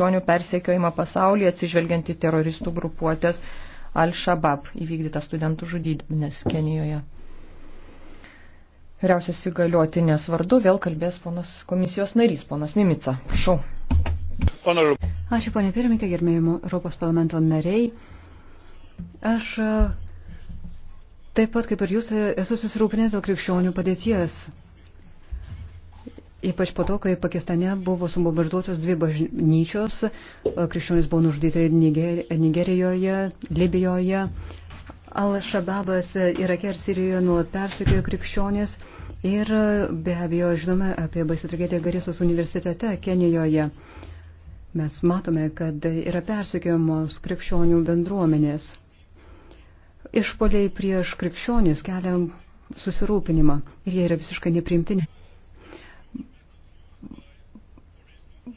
krikščionių persekiojimą pasaulyje atsižvelgiant į teroristų grupuotės Al-Shabaab įvykdytą studentų žudynės Kenijoje. Vyriausias įgaliotinės vardu vėl kalbės ponas komisijos narys, ponas Mimica. Prašau. Ačiū, ponė pirmininkė, gerbėjimo Europos parlamento nariai. Aš e, taip pat kaip ir jūs e, esu susirūpinęs dėl krikščionių padėties Ypač po to, kai Pakistane buvo subombarduotos dvi bažnyčios, krikščionys buvo nužudyti Nigerijoje, Libijoje, Al-Shababas Irake ir Sirijoje nuolat persikėjo krikščionys ir be abejo žinome apie baisę tragediją Garisos universitete Kenijoje. Mes matome, kad yra persikėjamos krikščionių bendruomenės. Išpoliai prieš krikščionis kelia susirūpinimą ir jie yra visiškai neprimtini.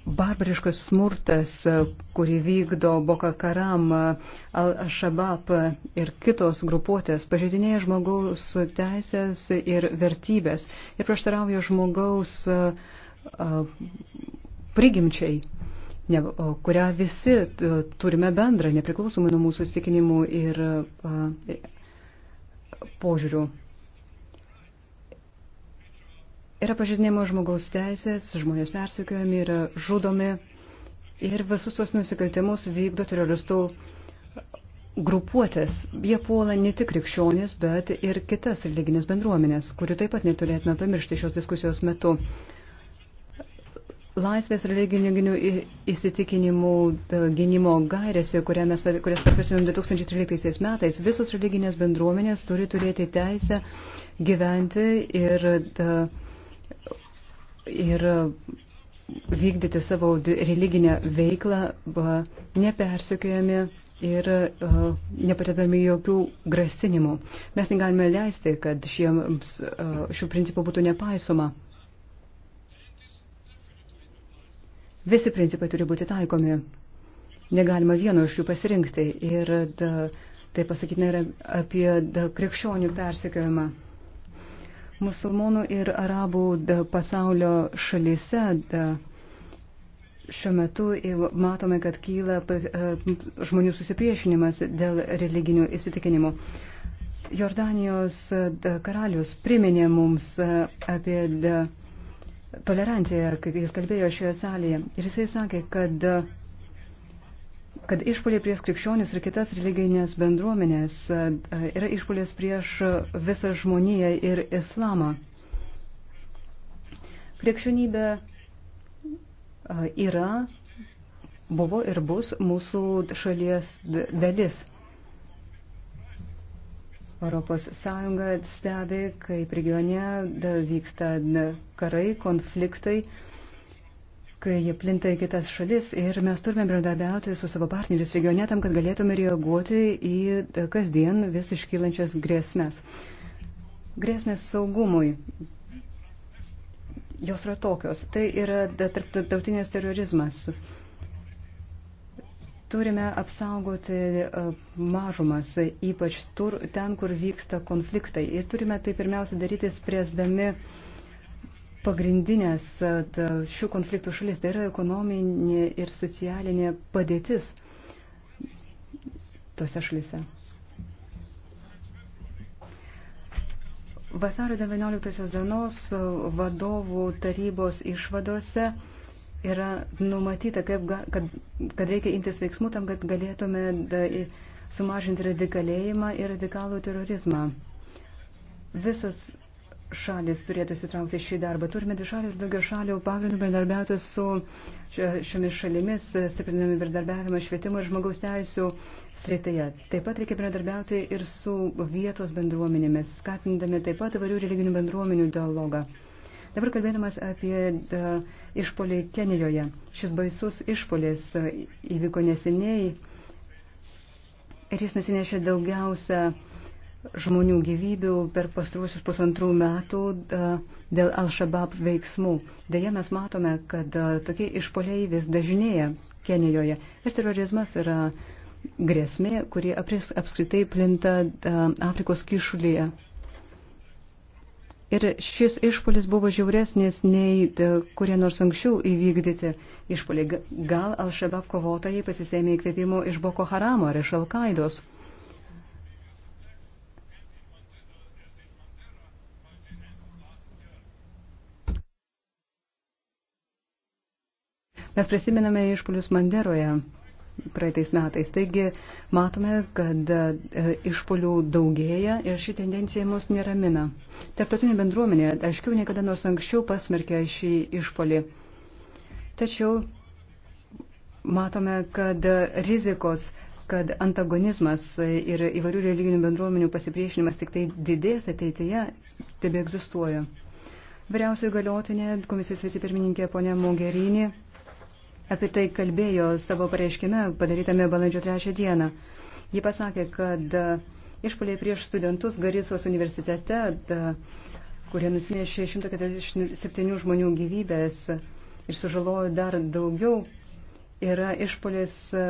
barbariškas smurtas, kurį vykdo Boka Karam, Al-Shabaab ir kitos grupuotės, pažeidinėja žmogaus teisės ir vertybės ir prieštarauja žmogaus prigimčiai, ne, kurią visi turime bendrą, nepriklausomai nuo mūsų įstikinimų ir požiūrių. Yra pažydinėjimo žmogaus teisės, žmonės persikiojami, yra žudomi ir visus tuos nusikaltimus vykdo teroristų grupuotės. Jie puola ne tik krikščionis, bet ir kitas religinės bendruomenės, kurių taip pat neturėtume pamiršti šios diskusijos metu. Laisvės religinių įsitikinimų e, gynimo gairėse, mes, kurias patvirtinom 2013 metais, visos religinės bendruomenės turi turėti teisę gyventi ir da, e, ir vykdyti savo religinę veiklą nepersikiojami ir uh, nepatėdami jokių grasinimų. Mes negalime leisti, kad šiems, uh, šių principų būtų nepaisoma. Visi principai turi būti taikomi. Negalima vieno iš jų pasirinkti. Ir da, tai pasakytina yra apie da, krikščionių persikiojimą. Musulmonų ir arabų pasaulio šalise šiuo metu matome, kad kyla e, žmonių susipriešinimas dėl religinių įsitikinimų. Jordanijos karalius priminė mums e, apie toleranciją, kai jis kalbėjo šioje salėje. Ir jisai sakė, kad kad išpoliai prieš krikščionius ir kitas religinės bendruomenės e, e, yra išpolis prieš visą žmoniją ir islamą. Krikščionybė e, yra, buvo ir bus mūsų šalies dalis. Europos Sąjunga stebi, kaip regione vyksta karai, konfliktai kai jie plinta į kitas šalis ir mes turime bendradarbiauti su savo partneriais regione tam, kad galėtume reaguoti į kasdien vis iškylančias grėsmės. Grėsmės saugumui. Jos yra tokios. Tai yra tarptautinės terorizmas. Turime apsaugoti e, mažumas, ypač tur, ten, kur vyksta konfliktai. Ir turime tai pirmiausia daryti spręsdami uh, pagrindinės šių konfliktų šalis, tai yra ekonominė ir socialinė padėtis tose šalise. Vasario 19 dienos vadovų tarybos išvadose yra numatyta, kaip, kad, kad reikia imtis veiksmų tam, kad galėtume da, sumažinti radikalėjimą ir radikalų terorizmą. Visas šalis turėtų sitraukti šį darbą. Turime dvišalių ir daugiau šalių pagrindų bendarbiauti su šiomis šalimis, stiprinami bendarbiavimą švietimo ir žmogaus teisų srityje. Taip pat reikia bendarbiauti ir su vietos bendruomenėmis, skatindami taip pat įvairių religinių bendruomenių dialogą. Dabar kalbėdamas apie da, e, išpolį Kenijoje. Šis baisus išpolis e, įvyko neseniai ir jis nusinešė daugiausia uh, žmonių gyvybių per pastaruosius pusantrų metų e, dėl Al-Shabaab veiksmų. Deja, mes matome, kad e, tokie išpoliai vis dažnėja Kenijoje. Ir terorizmas yra grėsmė, kuri apskritai plinta e, Afrikos kišulėje. Ir šis išpolis buvo žiauresnis nei kurie nors anksčiau įvykdyti išpoliai. Gal Al-Shabaab kovotojai pasisėmė įkvėpimo iš Boko Haramo ar iš Al-Qaidos. Mes prisiminame išpolius Manderoje praeitais metais. Taigi matome, kad e, išpolių daugėja ir ši tendencija mus neramina. Tarptautinė bendruomenė aiškiau niekada nors anksčiau pasmerkė šį išpolį. Tačiau matome, kad rizikos kad antagonizmas ir įvairių religinių bendruomenių pasipriešinimas tik tai didės ateityje, tebe egzistuoja. Vyriausioji galiotinė, komisijos vicepirmininkė ponė Mogherini apie tai kalbėjo savo pareiškime padarytame balandžio trečią dieną. Ji pasakė, kad e, išpoliai prieš studentus Garisos universitete, da, e, kurie nusinešė 147 žmonių gyvybės ir sužalojo dar daugiau, yra išpolis, e,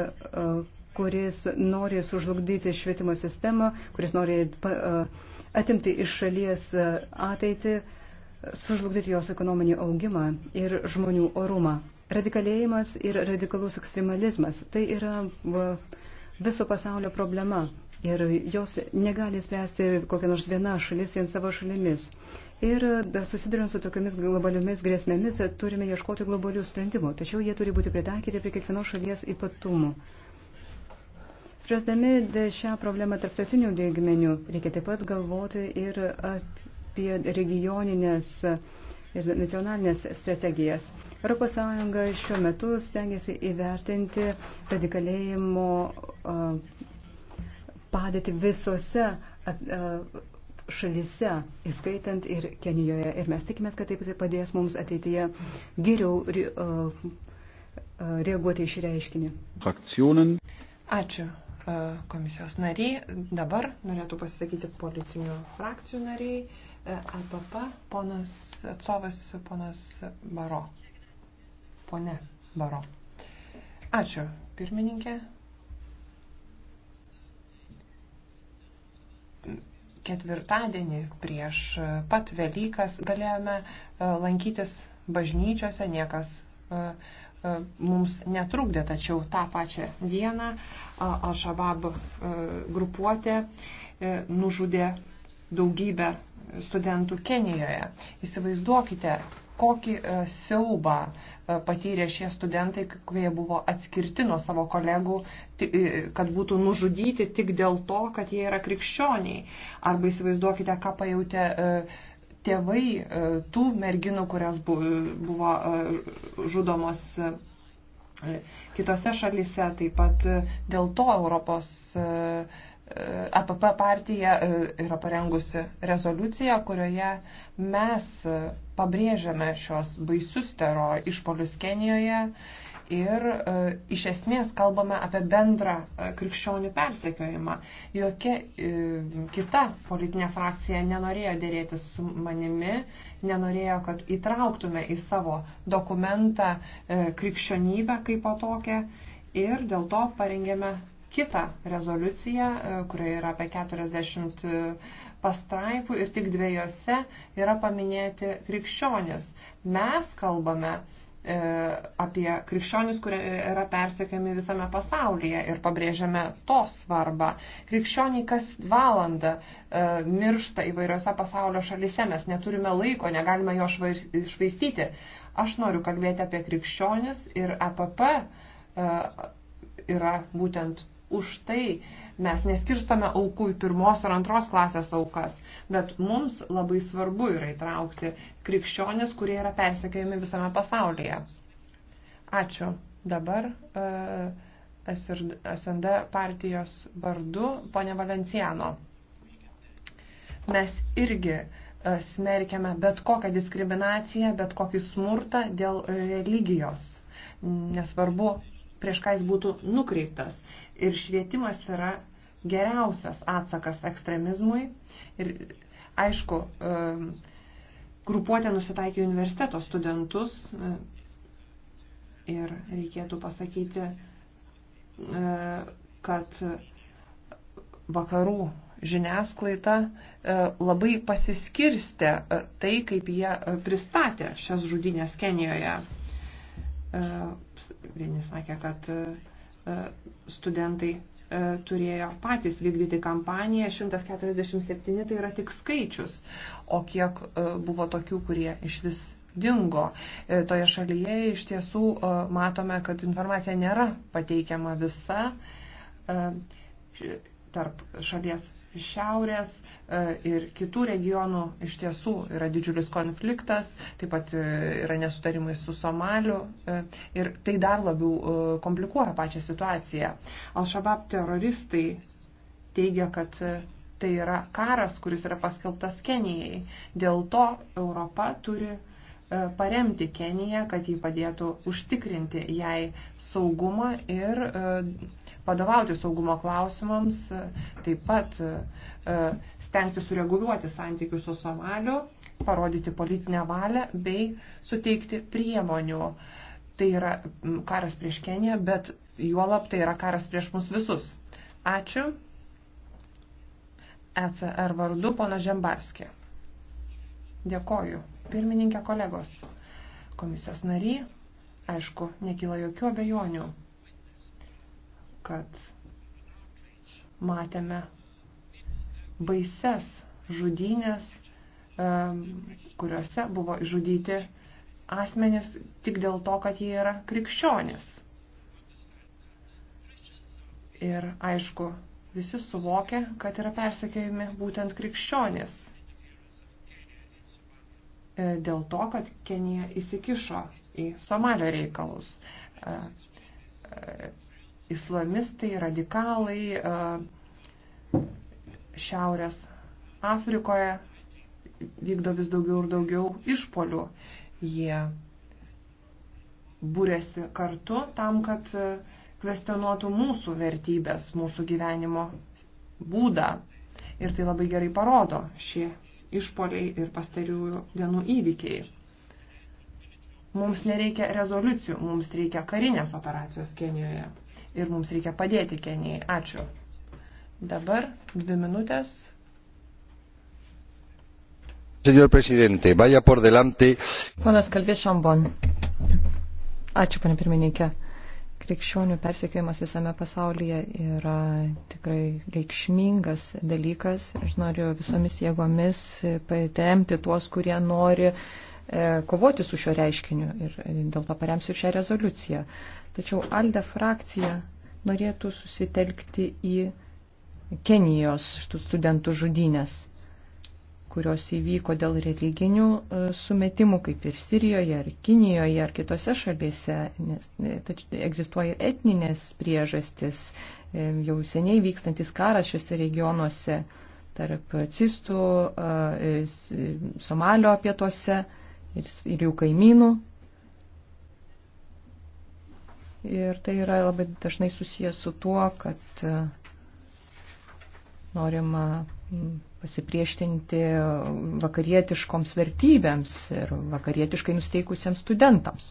kuris nori sužlugdyti švietimo sistemą, kuris nori atimti iš šalies ateitį, sužlugdyti jos ekonominį augimą ir žmonių orumą. Radikalėjimas ir radikalus ekstremalizmas – tai yra viso pasaulio problema ir jos negali spręsti kokia nors viena šalis vien savo šalimis. Ir susidurint su tokiamis globaliomis grėsmėmis turime ieškoti globalių sprendimų, tačiau jie turi būti pritaikyti prie kiekvienos šalies ypatumų. Spręsdami šią problemą tarptautinių lygmenių, reikia taip pat galvoti ir apie regioninės ir nacionalinės strategijas. ES šiuo metu stengiasi įvertinti radikalėjimo padėti visose šalise, įskaitant ir Kenijoje. Ir mes tikimės, kad taip padės mums ateityje geriau reaguoti iš reiškinį. Frakcionen. Ačiū komisijos nariai. Dabar norėtų pasisakyti politinių frakcijų nariai. EPP, ponas atsovas, ponas Baro pone Baro. Ačiū, pirmininkė. Ketvirtadienį prieš pat Velykas galėjome e, lankytis bažnyčiose, niekas e, e, mums netrukdė, tačiau tą pačią dieną Al-Shabaab grupuotė nužudė daugybę studentų Kenijoje. Įsivaizduokite, kokį e, siaubą e, patyrė šie studentai, kurie buvo atskirti nuo savo kolegų, e, kad būtų nužudyti tik dėl to, kad jie yra krikščioniai. Arba įsivaizduokite, ką pajutė tėvai tų merginų, kurios buvo žudomos kitose šalise. Taip pat dėl to Europos APP partija e, yra parengusi rezoliuciją, kurioje mes pabrėžiame šios baisius tero išpolius Kenijoje ir e, iš esmės kalbame apie bendrą e, krikščionių persekiojimą. Jokia kita politinė frakcija nenorėjo dėrėtis su manimi, nenorėjo, kad įtrauktume į savo dokumentą krikščionybę kaip po tokią ir dėl to parengėme kitą rezoliuciją, e, kurioje yra apie 40 e, pastraipų ir tik dviejose yra paminėti krikščionis. Mes kalbame e, apie krikščionis, kurie yra persekiami visame pasaulyje ir pabrėžiame to svarbą. Krikščioniai kas valandą miršta įvairiose pasaulio šalise, mes neturime laiko, negalime jo švaistyti. Aš noriu kalbėti apie krikščionis ir APP yra būtent už tai mes neskirstome aukų į pirmos ar antros klasės aukas, bet mums labai svarbu yra įtraukti krikščionis, kurie yra persekiojami visame pasaulyje. Ačiū. Dabar e, SND partijos vardu ponė Valenciano. Mes irgi e, smerkiame bet kokią diskriminaciją, bet kokį smurtą dėl religijos. Nesvarbu, prieš ką jis būtų nukreiptas. Ir švietimas yra geriausias atsakas ekstremizmui. Ir aišku, grupuotė nusitaikė universiteto studentus ir reikėtų pasakyti, e, kad vakarų žiniasklaida e, labai pasiskirstė e, tai, kaip jie pristatė šias žudynės Kenijoje Vieni sakė, kad e, studentai e, turėjo patys vykdyti kampaniją, 147 tai yra tik skaičius, o kiek e, buvo tokių, kurie iš vis dingo. Toje šalyje iš tiesų matome, kad informacija nėra pateikiama visa tarp šalies šiaurės e, ir kitų regionų iš tiesų yra didžiulis konfliktas, taip pat e, yra nesutarimai su Somaliu e, ir tai dar labiau komplikuoja pačią situaciją. Al-Shabaab teroristai teigia, kad tai yra karas, kuris yra paskelbtas Kenijai. Dėl to Europa turi paremti Keniją, kad jį padėtų užtikrinti jai saugumą ir vadovauti saugumo klausimams, taip pat e, stengti sureguliuoti santykius su Somaliu, parodyti politinę valią bei suteikti priemonių. Tai yra karas prieš Keniją, bet juolab tai yra karas prieš mus visus. Ačiū. ECR vardu pana Žembarskė. Dėkoju. Pirmininkė kolegos. Komisijos nariai, aišku, nekyla jokių abejonių kad matėme baises žudynės, kuriuose buvo žudyti asmenys tik dėl to, kad jie yra krikščionis. Ir aišku, visi suvokia, kad yra persekiojami būtent krikščionis. E, dėl to, kad Kenija įsikišo į Somalio reikalus. E, e, islamistai, radikalai e, Šiaurės Afrikoje vykdo vis daugiau ir daugiau išpolių. Jie būrėsi kartu tam, kad e, kvestionuotų mūsų vertybės, mūsų gyvenimo būdą. Ir tai labai gerai parodo šie išpoliai ir pastariųjų dienų įvykiai. Mums nereikia rezoliucijų, mums reikia karinės operacijos Kenijoje ir mums reikia padėti Kenijai. Ačiū. Dabar dvi minutės. Señor presidente, vaya por delante. Ponas kalbės Šambon. Ačiū, ponė pirmininkė. Krikščionių persekiojimas visame pasaulyje yra tikrai reikšmingas dalykas. Aš noriu visomis jėgomis paremti tuos, kurie nori uh, E, kovoti su šio reiškiniu ir e, dėl to paremsiu šią rezoliuciją. Tačiau ALDE frakcija norėtų susitelkti į Kenijos studentų žudynės, kurios įvyko dėl religinių e, sumetimų, kaip ir Sirijoje, ar Kinijoje, ar kitose šalyse, nes tačiau, egzistuoja etninės priežastis, jau seniai vykstantis karas šiuose regionuose tarp cistų, Somalio pietuose ir, ir jų kaimynų. Ir tai yra labai dažnai susijęs su tuo, kad e, norima pasipriešinti vakarietiškoms vertybėms ir vakarietiškai nusteikusiems studentams.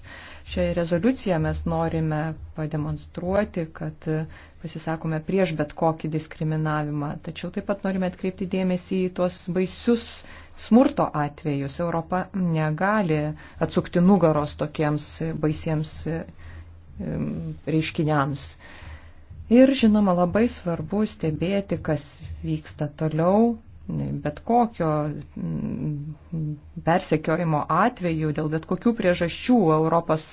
Šią rezoliuciją mes norime pademonstruoti, kad e, pasisakome prieš bet kokį diskriminavimą, tačiau taip pat norime atkreipti dėmesį į tuos baisius smurto atvejus. Europa negali atsukti nugaros tokiems baisiems reiškiniams. Ir žinoma, labai svarbu stebėti, kas vyksta toliau, bet kokio persekiojimo atveju, dėl bet kokių priežasčių ES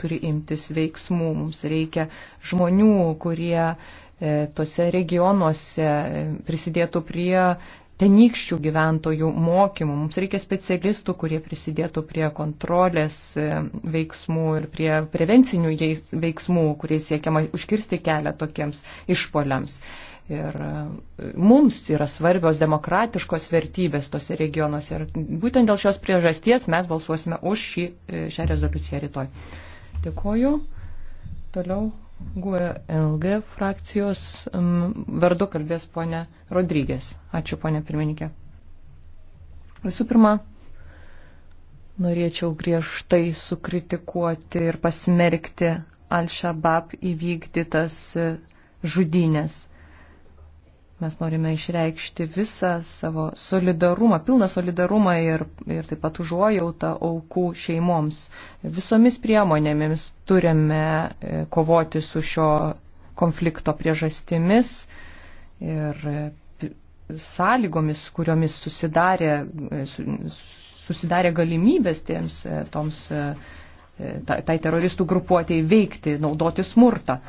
turi imtis veiksmų. Mums reikia žmonių, kurie e, tose regionuose e, prisidėtų prie tenykščių gyventojų mokymų. Mums reikia specialistų, kurie prisidėtų prie kontrolės e, veiksmų ir prie prevencinių veiksmų, kurie siekiama užkirsti kelią tokiems išpoliams. Ir e, mums yra svarbios demokratiškos vertybės tose regionuose. Ir būtent dėl šios priežasties mes balsuosime už šį, e, šią rezoliuciją rytoj. Dėkuoju. Toliau GULG frakcijos vardu kalbės ponė Rodrygės. Ačiū, ponė pirmininkė. Visų pirma, norėčiau griežtai sukritikuoti ir pasmerkti Al-Shabaab įvykdytas žudynės. Mes norime išreikšti visą savo solidarumą, pilną solidarumą ir, ir taip pat užuojautą aukų šeimoms. Visomis priemonėmis turime e, kovoti su šio konflikto priežastimis ir e, sąlygomis, kuriomis susidarė, e, susidarė galimybės tiems toms tai, tai teroristų grupuotėjai veikti, naudoti smurtą.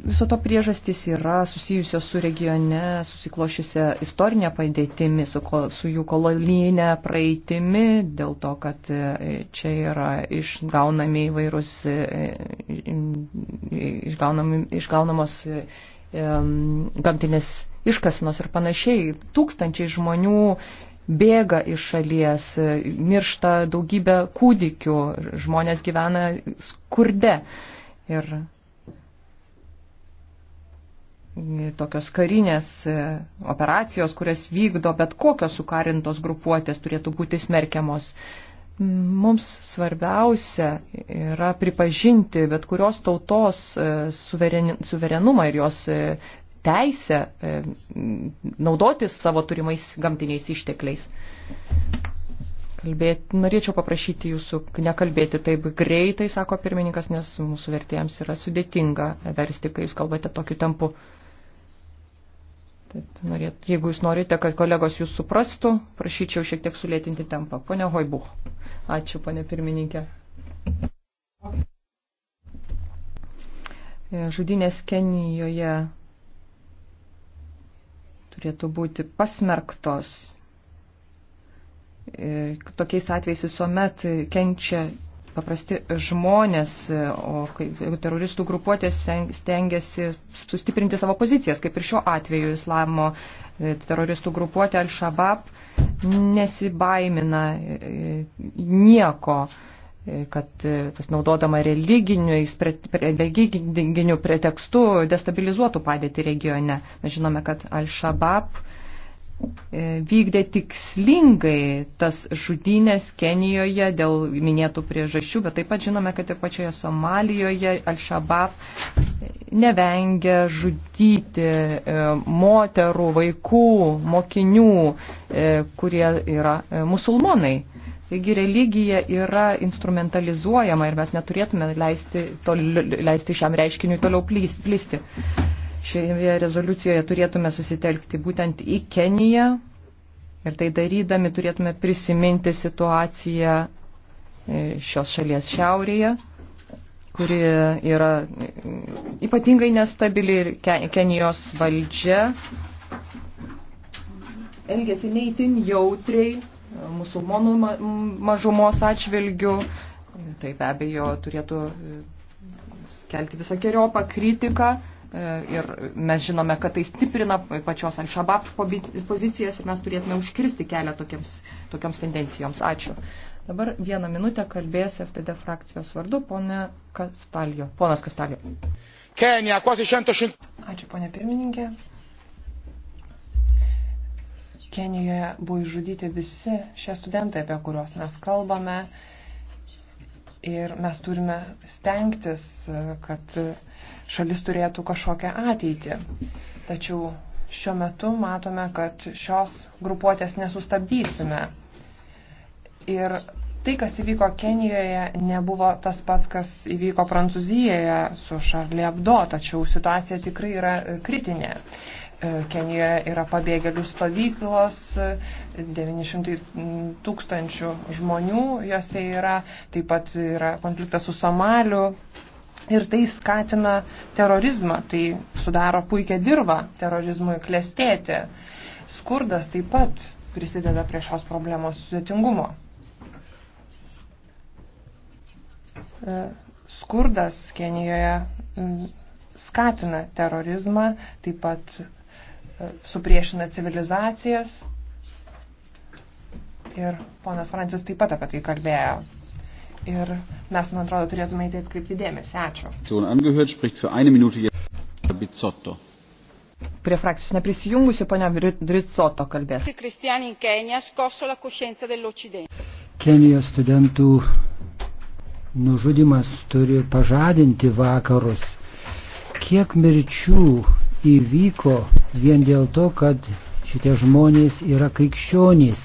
Viso to priežastys yra susijusios su regione, susiklošiusią istorinę padėtimi, su, ko, su jų kolonijinė praeitimi, dėl to, kad e, čia yra išgaunami įvairūs, e, išgaunami, išgaunamos e, gamtinės iškasinos ir panašiai. Tūkstančiai žmonių bėga iš šalies, miršta daugybė kūdikių, žmonės gyvena skurde. Ir tokios karinės e, operacijos, kurias vykdo bet kokios sukarintos grupuotės, turėtų būti smerkiamos. Mums svarbiausia yra pripažinti bet kurios tautos e, suverenumą ir jos e, teisę naudotis savo turimais gamtiniais ištekliais. Kalbėti, norėčiau paprašyti jūsų nekalbėti taip greitai, sako pirmininkas, nes mūsų vertėjams yra sudėtinga versti, kai jūs kalbate tokiu tempu. Tad norėt, jeigu jūs norite, kad kolegos jūs suprastų, prašyčiau šiek tiek sulėtinti tempą. Pone Hoibuch. Ačiū, pone pirmininkė. E, Žudinės Kenijoje turėtų būti pasmerktos. Ir e, tokiais atvejais visuomet kenčia paprasti žmonės, o teroristų grupuotės stengiasi sustiprinti savo pozicijas, kaip ir šiuo atveju islamo e, teroristų grupuotė Al-Shabaab nesibaimina e, nieko e, kad pasinaudodama religiniu pretekstu destabilizuotų padėtį regione. Mes žinome, kad Al-Shabaab E, vykdė tikslingai tas žudynės Kenijoje dėl minėtų priežasčių, bet taip pat žinome, kad ir pačioje Somalijoje Al-Shabaab nevengia žudyti e, moterų, vaikų, mokinių, e, kurie yra musulmonai. Taigi religija yra instrumentalizuojama ir mes neturėtume leisti, tol, leisti šiam reiškiniui toliau plisti. Šioje rezoliucijoje turėtume susitelkti būtent į Keniją ir tai darydami turėtume prisiminti situaciją e, šios šalies šiaurėje, kuri yra e, ypatingai nestabili ir Kenijos valdžia elgesi neįtin jautriai e, musulmonų mažumos atžvilgių. Tai be abejo turėtų kelti visą keriopą kritiką E, ir mes žinome, kad tai stiprina pačios Al-Shabaab pozicijas ir mes turėtume užkirsti kelią tokiems, tokiams tendencijoms. Ačiū. Dabar vieną minutę kalbės FTD frakcijos vardu ponė Kastalio. Ponas Kastalio. Kenija, quasi 100. Ačiū, ponė pirmininkė. Kenijoje buvo išžudyti visi šie studentai, apie kuriuos mes kalbame. Ir mes turime stengtis, kad šalis turėtų kažkokią ateitį. Tačiau šiuo metu matome, kad šios grupuotės nesustabdysime. Ir tai, kas įvyko Kenijoje, nebuvo tas pats, kas įvyko Prancūzijoje su Šarlie Abdo, tačiau situacija tikrai yra kritinė. E, Kenijoje yra pabėgėlių stovyklos, 900 e, tūkstančių žmonių jose yra, taip pat yra konfliktas su Somaliu ir tai skatina terorizmą, tai sudaro puikia dirba terorizmui klestėti. Skurdas taip pat prisideda prie šios problemos sudėtingumo. E, skurdas Kenijoje skatina terorizmą, taip pat supriešina civilizacijas. Ir ponas Francis taip pat apie tai kalbėjo. Ir mes, man atrodo, turėtume į tai atkreipti dėmesį. Ačiū. Prie frakcijos neprisijungusi ponia Dritsoto kalbės. Kenijos studentų nužudimas turi pažadinti vakarus. Kiek mirčių įvyko vien dėl to, kad šitie žmonės yra krikščionys.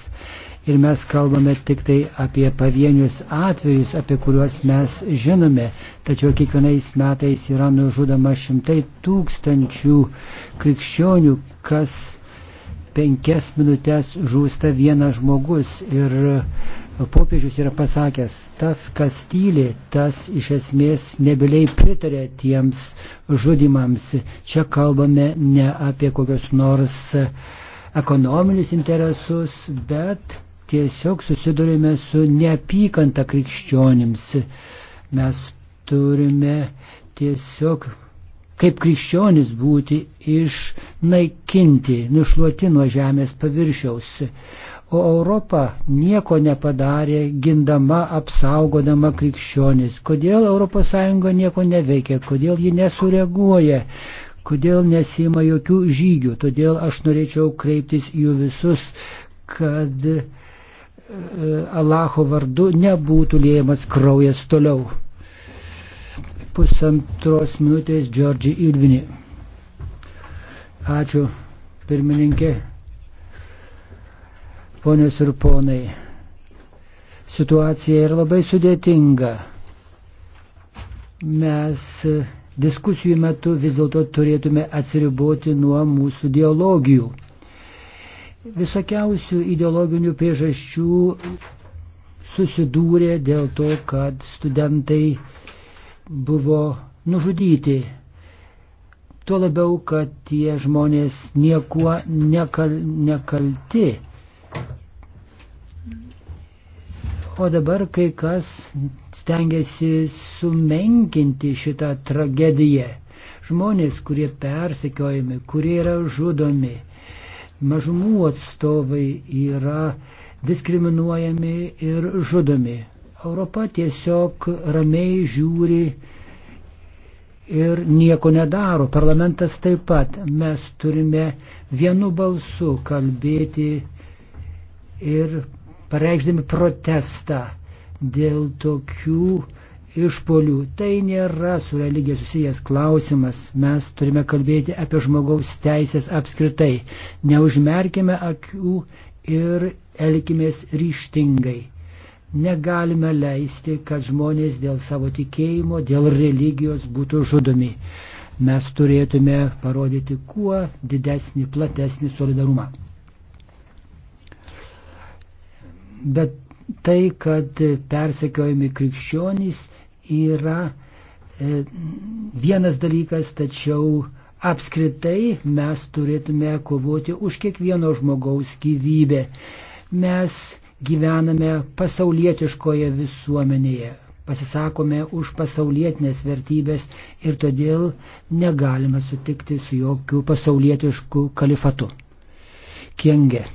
Ir mes kalbame tik tai apie pavienius atvejus, apie kuriuos mes žinome. Tačiau kiekvienais metais yra nužudoma šimtai tūkstančių krikščionių, kas penkias minutės žūsta vienas žmogus. Ir popiežius yra pasakęs, tas, kas tyli, tas iš esmės nebeliai pritarė tiems žudimams. Čia kalbame ne apie kokios nors ekonominius interesus, bet tiesiog susidurime su neapykanta krikščionims. Mes turime tiesiog kaip krikščionis būti išnaikinti, nušluoti nuo žemės paviršiaus o Europa nieko nepadarė gindama, apsaugodama krikščionis. Kodėl ES nieko neveikia, kodėl ji nesureaguoja, kodėl nesima jokių žygių. Todėl aš norėčiau kreiptis jų visus, kad e, Allaho vardu nebūtų lėjamas kraujas toliau. Pusantros minutės Džordžiai Irvini. Ačiū, pirmininkė. Ponios ir ponai, situacija yra labai sudėtinga. Mes diskusijų metu vis dėlto turėtume atsiriboti nuo mūsų ideologijų. Visokiausių ideologinių priežasčių susidūrė dėl to, kad studentai buvo nužudyti. Tuo labiau, kad tie žmonės niekuo nekal, nekalti. O dabar kai kas stengiasi sumenkinti šitą tragediją. Žmonės, kurie persekiojami, kurie yra žudomi, mažumų atstovai yra diskriminuojami ir žudomi. Europa tiesiog ramiai žiūri ir nieko nedaro. Parlamentas taip pat. Mes turime vienu balsu kalbėti ir pareikšdami protestą dėl tokių išpolių. Tai nėra su religija susijęs klausimas. Mes turime kalbėti apie žmogaus teisės apskritai. Neužmerkime akių ir elkimės ryštingai. Negalime leisti, kad žmonės dėl savo tikėjimo, dėl religijos būtų žudomi. Mes turėtume parodyti kuo didesnį, platesnį solidarumą. bet tai, kad persekiojami krikščionys yra e, vienas dalykas, tačiau apskritai mes turėtume kovoti už kiekvieno žmogaus gyvybę. Mes gyvename pasaulietiškoje visuomenėje, pasisakome už pasaulietinės vertybės ir todėl negalime sutikti su jokių pasaulietiškų kalifatu. Kienge.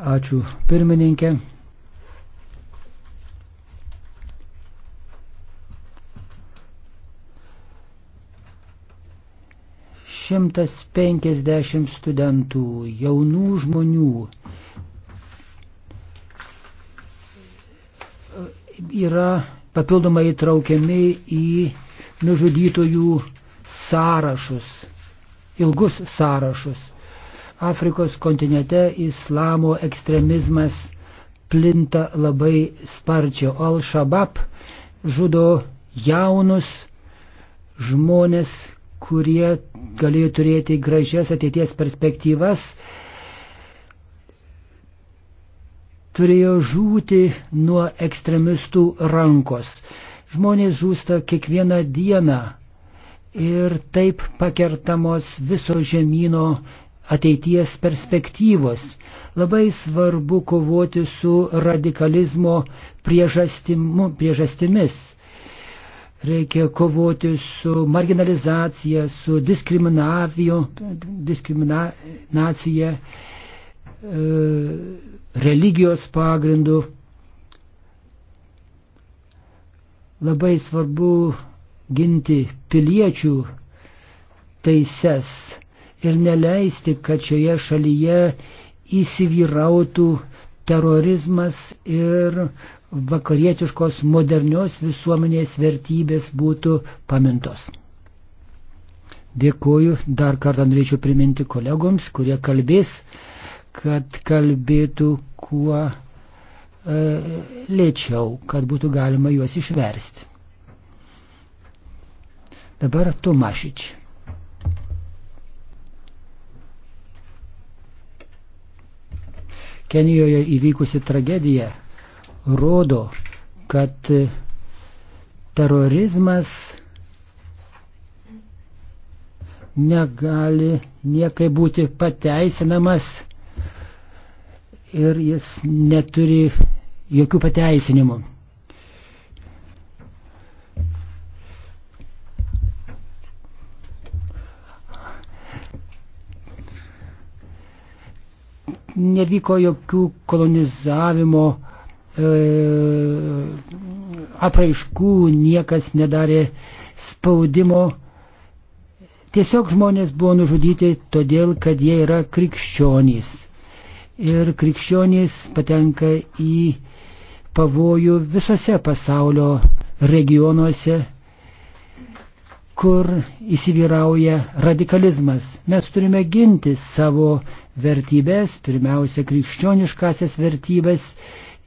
Ačiū pirmininkė. Šimtas penkiasdešimt studentų, jaunų žmonių yra papildomai įtraukiami į nužudytojų sąrašus, ilgus sąrašus. Afrikos kontinente islamo ekstremizmas plinta labai sparčiai. Al-Shabaab žudo jaunus žmonės, kurie galėjo turėti gražias ateities perspektyvas, turėjo žūti nuo ekstremistų rankos. Žmonės žūsta kiekvieną dieną ir taip pakertamos viso žemynų ateities perspektyvos. Labai svarbu kovoti su radikalizmo priežastimis. Reikia kovoti su marginalizacija, su diskriminacija, e, religijos pagrindu. Labai svarbu ginti piliečių teises ir neleisti, kad šioje šalyje įsivyrautų terorizmas ir vakarietiškos modernios visuomenės vertybės būtų pamintos. Dėkuoju, dar kartą norėčiau priminti kolegoms, kurie kalbės, kad kalbėtų kuo e, lėčiau, kad būtų galima juos išversti. Dabar Tomašičiai. Kenijoje įvykusi tragedija rodo, kad e, terorizmas negali niekai būti pateisinamas ir jis neturi jokių pateisinimų. nevyko jokių kolonizavimo e, apraiškų, niekas nedarė spaudimo. Tiesiog žmonės buvo nužudyti todėl, kad jie yra krikščionys. Ir krikščionys patenka į pavojų visose pasaulio regionuose kur įsivyrauja radikalizmas. Mes turime ginti savo vertybės, pirmiausia krikščioniškasias vertybės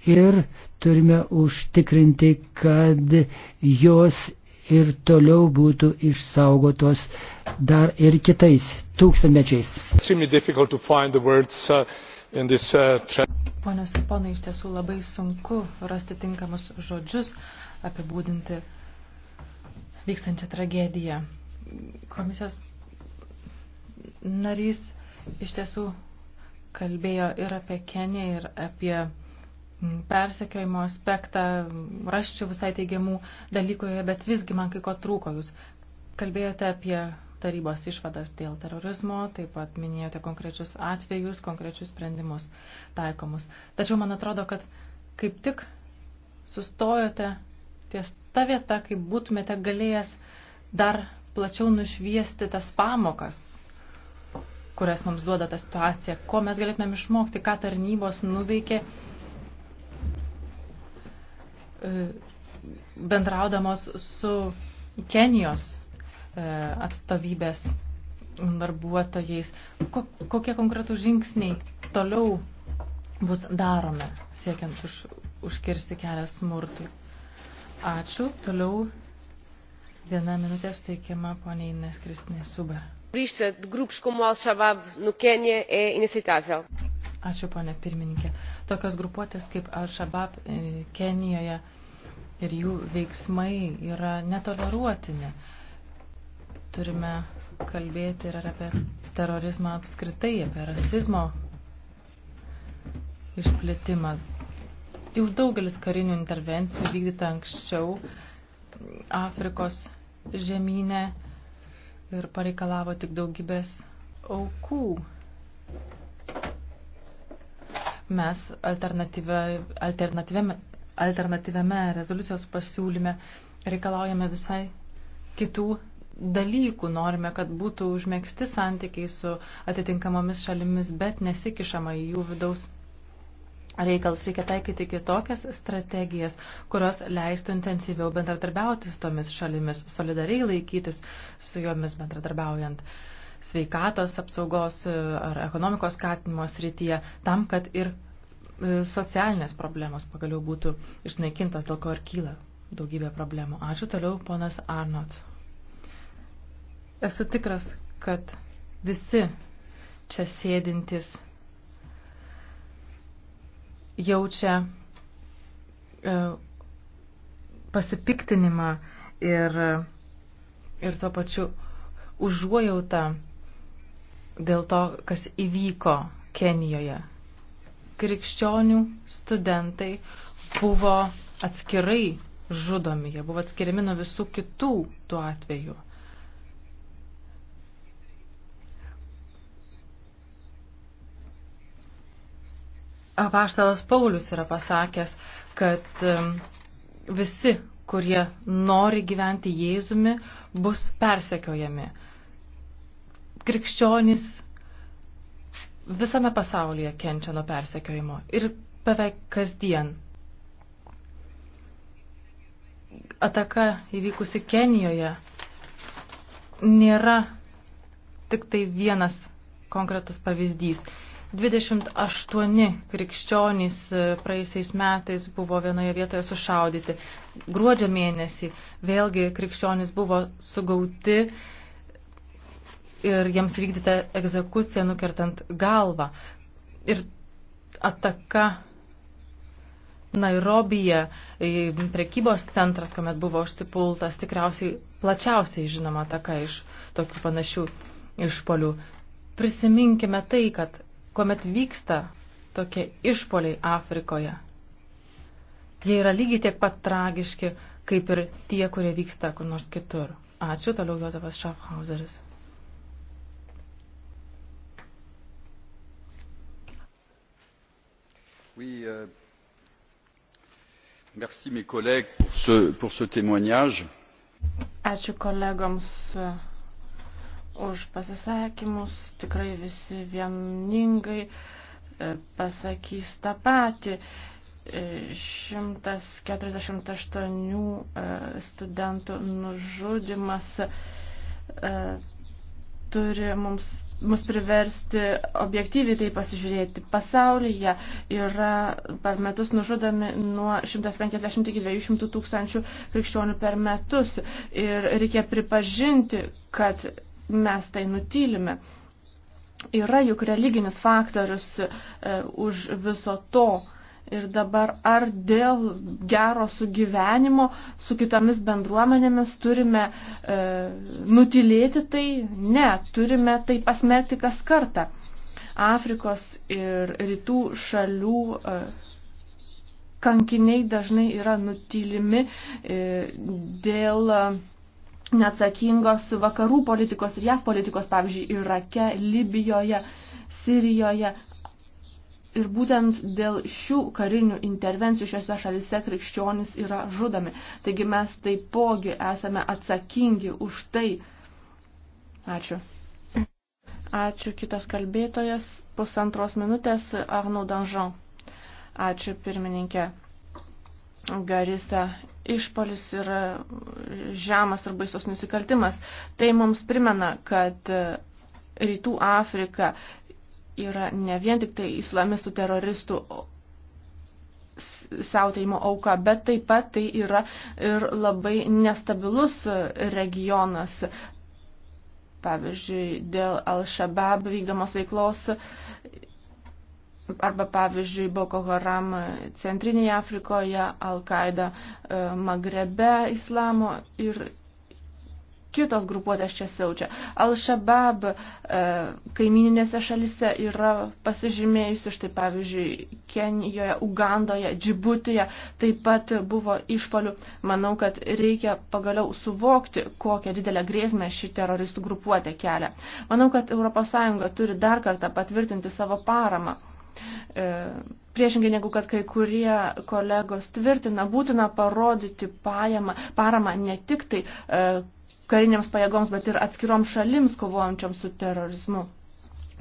ir turime užtikrinti, kad jos ir toliau būtų išsaugotos dar ir kitais tūkstantmečiais. Uh, uh, Ponios ir ponai, iš tiesų labai sunku rasti tinkamus žodžius apibūdinti vykstančią tragediją. Komisijos narys iš tiesų kalbėjo ir apie Keniją, ir apie mm, persekiojimo aspektą, raščiau visai teigiamų dalykų, bet visgi man kai ko trūko. Jūs kalbėjote apie tarybos išvadas dėl terorizmo, taip pat minėjote konkrečius atvejus, konkrečius sprendimus taikomus. Tačiau man atrodo, kad kaip tik sustojote ties ta vieta, kaip būtumėte galėjęs dar plačiau nušviesti tas pamokas, kurias mums duoda ta situacija, ko mes galėtumėm išmokti, ką tarnybos nuveikė e, bendraudamos su Kenijos e, atstovybės darbuotojais. Kokie konkretų žingsniai toliau bus daromi, siekiant už, užkirsti kelią smurtui? Ačiū. Toliau viena minutė suteikiama poniai Ines Kristinė Subar. Ačiū, ponė pirmininkė. Tokios grupuotės kaip Al-Shabaab e, Kenijoje ir jų veiksmai yra netoleruotini. Turime kalbėti ir apie terorizmą apskritai, apie rasizmo išplitimą. Jau daugelis karinių intervencijų vykdyta anksčiau Afrikos žemynė ir pareikalavo tik daugybės aukų. Mes alternatyviame, alternatyviame rezoliucijos pasiūlyme reikalaujame visai kitų dalykų. Norime, kad būtų užmėgsti santykiai su atitinkamomis šalimis, bet nesikišama į jų vidaus reikalus. Reikia taikyti kitokias strategijas, kurios leistų intensyviau bendradarbiauti su tomis šalimis, solidariai laikytis su jomis bendradarbiaujant sveikatos apsaugos e, ar ekonomikos skatinimo srityje, tam, kad ir e, socialinės problemos pagaliau būtų išnaikintos, dėl ko ir kyla daugybė problemų. Ačiū toliau, ponas Arnot. Esu tikras, kad visi čia sėdintys jaučia e, pasipiktinimą ir, ir tuo pačiu užuojautą dėl to, kas įvyko Kenijoje. Krikščionių studentai buvo atskirai žudomi, jie buvo atskiriami nuo visų kitų tuo atveju. apaštalas Paulius yra pasakęs, kad visi, kurie nori gyventi Jėzumi, bus persekiojami. Krikščionys visame pasaulyje kenčia nuo persekiojimo ir beveik kasdien. Ataka įvykusi Kenijoje nėra tik tai vienas konkretus pavyzdys. 28 krikščionys e, praeisiais metais buvo vienoje vietoje sušaudyti. Gruodžio mėnesį vėlgi krikščionys buvo sugauti ir jiems vykdyta egzekucija nukertant galvą. Ir ataka Nairobija, prekybos centras, kuomet buvo užsipultas, tikriausiai plačiausiai žinoma ataka iš tokių panašių išpolių. Prisiminkime tai, kad kuomet vyksta tokie išpoliai Afrikoje. Jie yra lygiai tiek pat tragiški, kaip ir tie, kurie vyksta kur nors kitur. Ačiū, toliau Jozefas Schaffhauseris. Oui, euh, merci mes collègues pour ce, pour ce témoignage. Ačiū kolegoms už pasisakymus. Tikrai visi vieningai e, pasakys tą patį. 148 e, e, studentų nužudimas turi mums, mus priversti objektyviai tai pasižiūrėti. Pasaulyje yra per metus nužudomi nuo 150 iki 200 tūkstančių krikščionių per metus. Ir reikia pripažinti, kad mes tai nutylime. Yra juk religinis faktorius e, už viso to. Ir dabar ar dėl gero sugyvenimo su kitomis bendruomenėmis turime e, nutilėti tai? Ne, turime tai pasmerkti kas kartą. Afrikos ir rytų šalių e, kankiniai dažnai yra nutilimi e, dėl. E, neatsakingos vakarų politikos ir JAV politikos, pavyzdžiui, Irake, Libijoje, Sirijoje. Ir būtent dėl šių karinių intervencijų šiuose šalise krikščionis yra žudami. Taigi mes taipogi esame atsakingi už tai. Ačiū. Ačiū kitas kalbėtojas. Pusantros minutės Arnaud Danžan. Ačiū pirmininkė. Garisa išpolis yra žemas ir baisus nusikaltimas. Tai mums primena, kad Rytų Afrika yra ne vien tik tai islamistų teroristų siautėjimo auka, bet taip pat tai yra ir labai nestabilus regionas. Pavyzdžiui, dėl Al-Shabaab vykdomos veiklos arba pavyzdžiui Boko Haram Centrinėje Afrikoje, Al-Qaeda e, Magrebe, Islamo ir kitos grupuotės čia siaučia. Al-Shabaab e, kaimininėse šalise yra pasižymėjusi, štai pavyzdžiui, Kenijoje, Ugandoje, Džibutėje taip pat buvo išpolių. Manau, kad reikia pagaliau suvokti, kokią didelę grėsmę ši teroristų grupuotė kelia. Manau, kad ES turi dar kartą patvirtinti savo paramą E, priešingai negu kad kai kurie kolegos tvirtina, būtina parodyti pajamą, paramą ne tik tai e, kariniams pajėgoms, bet ir atskiroms šalims kovojančioms su terorizmu.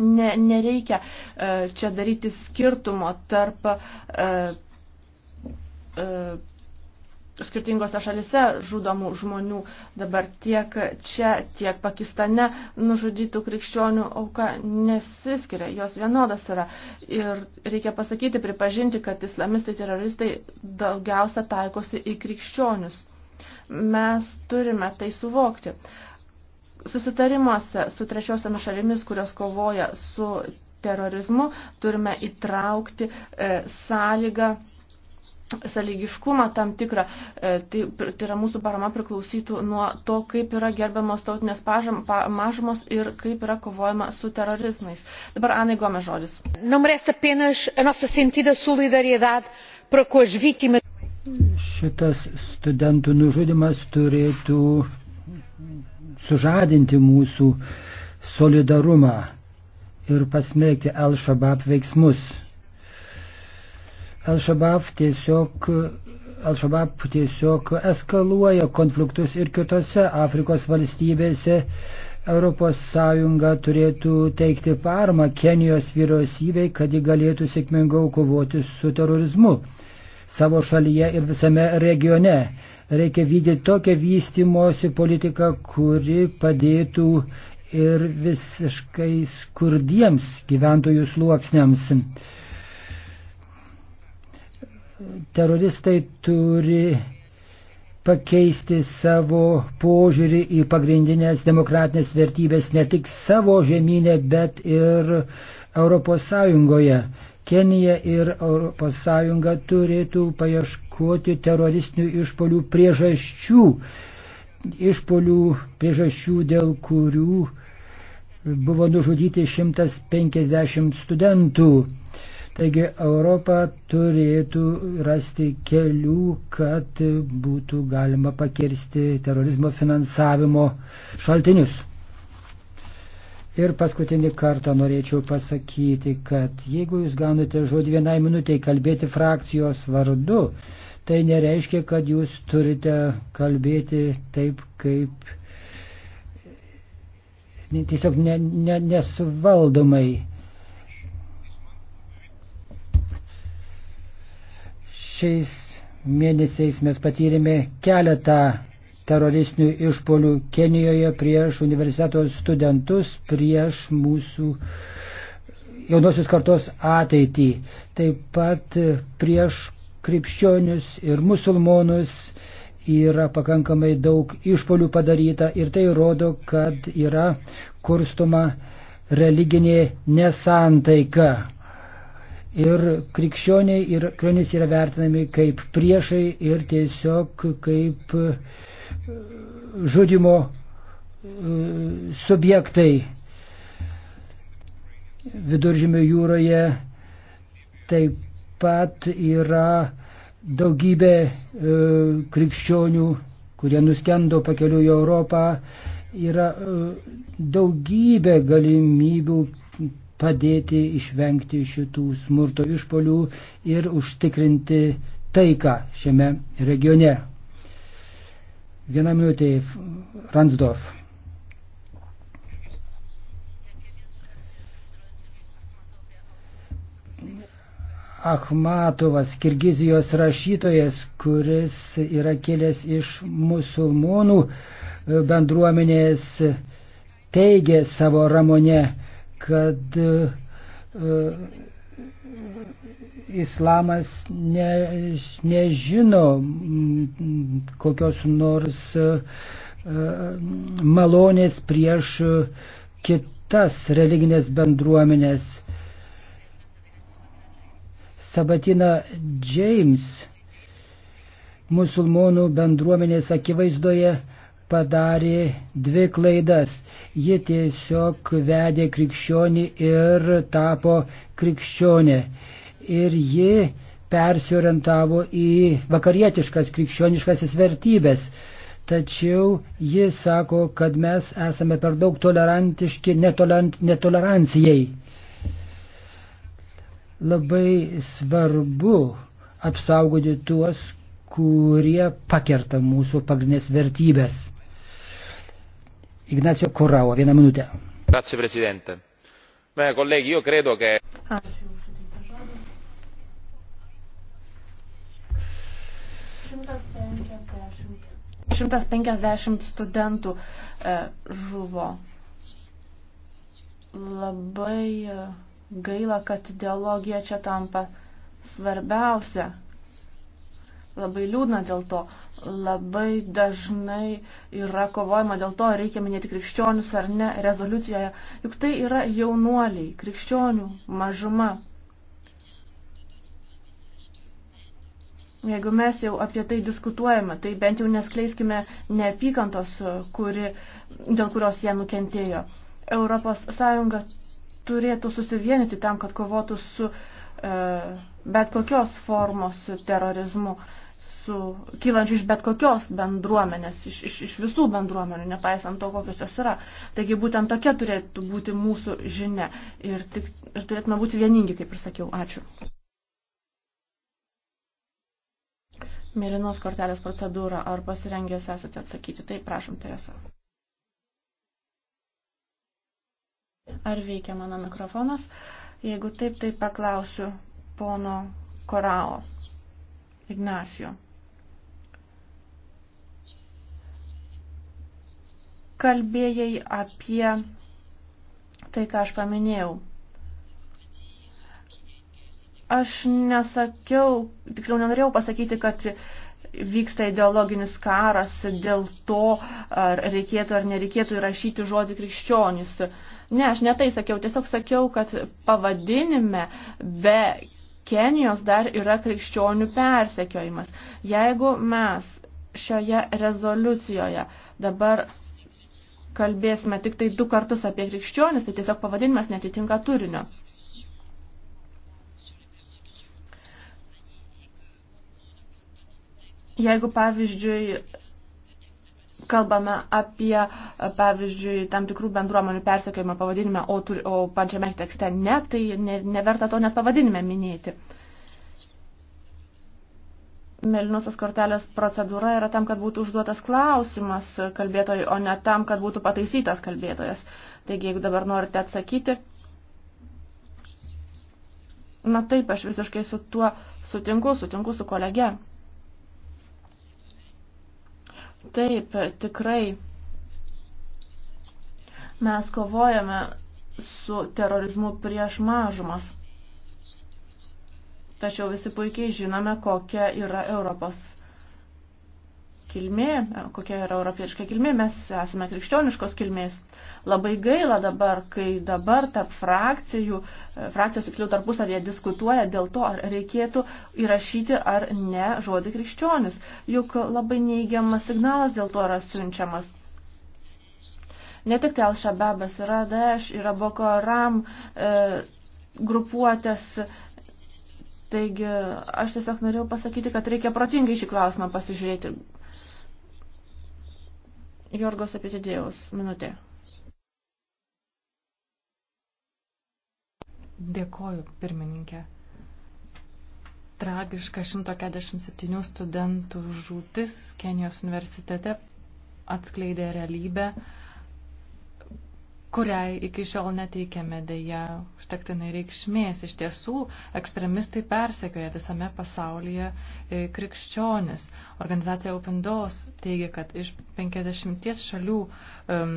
Ne, nereikia e, čia daryti skirtumo tarp skirtingose šalise žudomų žmonių. Dabar tiek čia, tiek Pakistane nužudytų krikščionių auka nesiskiria, jos vienodas yra. Ir reikia pasakyti, pripažinti, kad islamistai teroristai daugiausia taikosi į krikščionius. Mes turime tai suvokti. Susitarimuose su trečiosiamis šalimis, kurios kovoja su terorizmu, turime įtraukti e, sąlygą sąlygiškumą tam tikrą, e, tai, tai yra mūsų parama priklausytų nuo to, kaip yra gerbiamos tautinės pažam, pa, mažumos ir kaip yra kovojama su terorizmais. Dabar Anai Gome žodis. Nu Šitas studentų nužudimas turėtų sužadinti mūsų solidarumą ir pasmerkti Al-Shabaab veiksmus. Al-Shabaab tiesiog, Al tiesiog eskaluoja konfliktus ir kitose Afrikos valstybėse. ES turėtų teikti paramą Kenijos vyriausybei, kad ji galėtų sėkmingiau kovoti su terorizmu savo šalyje ir visame regione. Reikia vykdyti tokią vystimosi politiką, kuri padėtų ir visiškai skurdiems gyventojų sluoksniams teroristai turi pakeisti savo požiūrį į pagrindinės demokratinės vertybės ne tik savo žemynę, bet ir Europos Sąjungoje. Kenija ir Europos Sąjunga turėtų paieškoti teroristinių išpolių priežasčių, išpolių priežasčių, dėl kurių buvo nužudyti 150 studentų. Taigi Europa turėtų rasti kelių, kad būtų galima pakirsti terorizmo finansavimo šaltinius. Ir paskutinį kartą norėčiau pasakyti, kad jeigu jūs gaunate žodį vienai minutiai kalbėti frakcijos vardu, tai nereiškia, kad jūs turite kalbėti taip, kaip tiesiog ne, ne, nesuvaldomai Šiais mėnesiais mes patyrėme keletą teroristinių išpolių Kenijoje prieš universiteto studentus, prieš mūsų jaunosios kartos ateitį, taip pat prieš krikščionius ir musulmonus yra pakankamai daug išpolių padaryta ir tai rodo, kad yra kurstoma religinė nesantaika ir krikščioniai ir krionys yra vertinami kaip priešai ir tiesiog kaip e, žudimo e, subjektai viduržymio jūroje taip pat yra daugybė e, krikščionių, kurie nuskendo pakeliu į Europą, yra e, daugybė galimybių padėti išvengti šitų smurto išpolių ir užtikrinti taiką šiame regione. Vieną minutę Ransdorf. Ahmatovas, Kirgizijos rašytojas, kuris yra kilęs iš musulmonų bendruomenės, teigė savo ramone, kad e, islamas ne, nežino mm, kokios nors e, e, malonės prieš kitas religinės bendruomenės. Sabatina James musulmonų bendruomenės akivaizdoje padarė dvi klaidas. Ji tiesiog vedė krikščionį ir tapo krikščionė. Ir ji persiorientavo į vakarietiškas krikščioniškasis vertybės. Tačiau ji sako, kad mes esame per daug tolerantiški netolerant, netolerancijai. Labai svarbu apsaugoti tuos, kurie pakerta mūsų pagrindinės vertybės. Ignacio Corrao, vieną minutę. Grazie, prezidente. Me, kolegi, io credo che... Ke... Ačiū. Šimtas penkiasdešimt. 150 studentų e, žuvo. Labai e, gaila, kad ideologija čia tampa svarbiausia. Labai liūdna dėl to. Labai dažnai yra kovojama dėl to, reikia minėti krikščionius ar ne rezoliucijoje. Juk tai yra jaunuoliai, krikščionių mažuma. Jeigu mes jau apie tai diskutuojame, tai bent jau neskleiskime neapykantos, kuri, dėl kurios jie nukentėjo. Europos Sąjunga turėtų susivienyti tam, kad kovotų su e, bet kokios formos terorizmu. E, su, kylančių iš bet kokios bendruomenės, iš, iš, iš visų bendruomenių, nepaisant to, kokios jos yra. Taigi būtent tokia turėtų būti mūsų žinia ir, tik, ir turėtume būti vieningi, kaip ir sakiau. Ačiū. Mėlynos kortelės procedūra, ar pasirengęs esate atsakyti? Taip, prašom, Teresa. Ar veikia mano mikrofonas? Jeigu taip, tai paklausiu pono Korao. Ignacio. kalbėjai apie tai, ką aš paminėjau. Aš nesakiau, tiksliau nenorėjau pasakyti, kad vyksta ideologinis karas dėl to, ar reikėtų ar nereikėtų įrašyti žodį krikščionis. Ne, aš netai sakiau, tiesiog sakiau, kad pavadinime be Kenijos dar yra krikščionių persekiojimas. Jeigu mes šioje rezoliucijoje dabar kalbėsime tik tai du kartus apie krikščionis, tai tiesiog pavadinimas netitinka turinio. Jeigu, pavyzdžiui, kalbame apie, pavyzdžiui, tam tikrų bendruomenių persekiojimą pavadinime, o, turi, o pačiame tekste ne, tai ne, neverta to net pavadinime minėti. Melinosios kortelės procedūra yra tam, kad būtų užduotas klausimas kalbėtojui, o ne tam, kad būtų pataisytas kalbėtojas. Taigi, jeigu dabar norite atsakyti, na taip, aš visiškai su tuo sutinku, sutinku su kolege. Taip, tikrai mes kovojame su terorizmu prieš mažumas. Tačiau visi puikiai žinome, kokia yra Europos kilmė, kokia yra europietiška kilmė, mes esame krikščioniškos kilmės. Labai gaila dabar, kai dabar tarp frakcijų, e, frakcijos tiksliau tarpusavėje diskutuoja dėl to, ar reikėtų įrašyti ar ne žodį krikščionis. Juk labai neigiamas signalas dėl to yra siunčiamas. Ne tik tai Alšababas yra Daesh, yra Boko Ram. E, grupuotės Taigi aš tiesiog norėjau pasakyti, kad reikia protingai šį klausimą pasižiūrėti. Jorgos apitidėjus minutė. Dėkoju, pirmininkė. Tragiška 147 studentų žūtis Kenijos universitete atskleidė realybę, kuriai iki šiol neteikėme dėja užtektinai reikšmės. Iš tiesų, ekstremistai persekioja visame pasaulyje e, krikščionis. Organizacija Open Doors teigia, kad iš 50 šalių, um,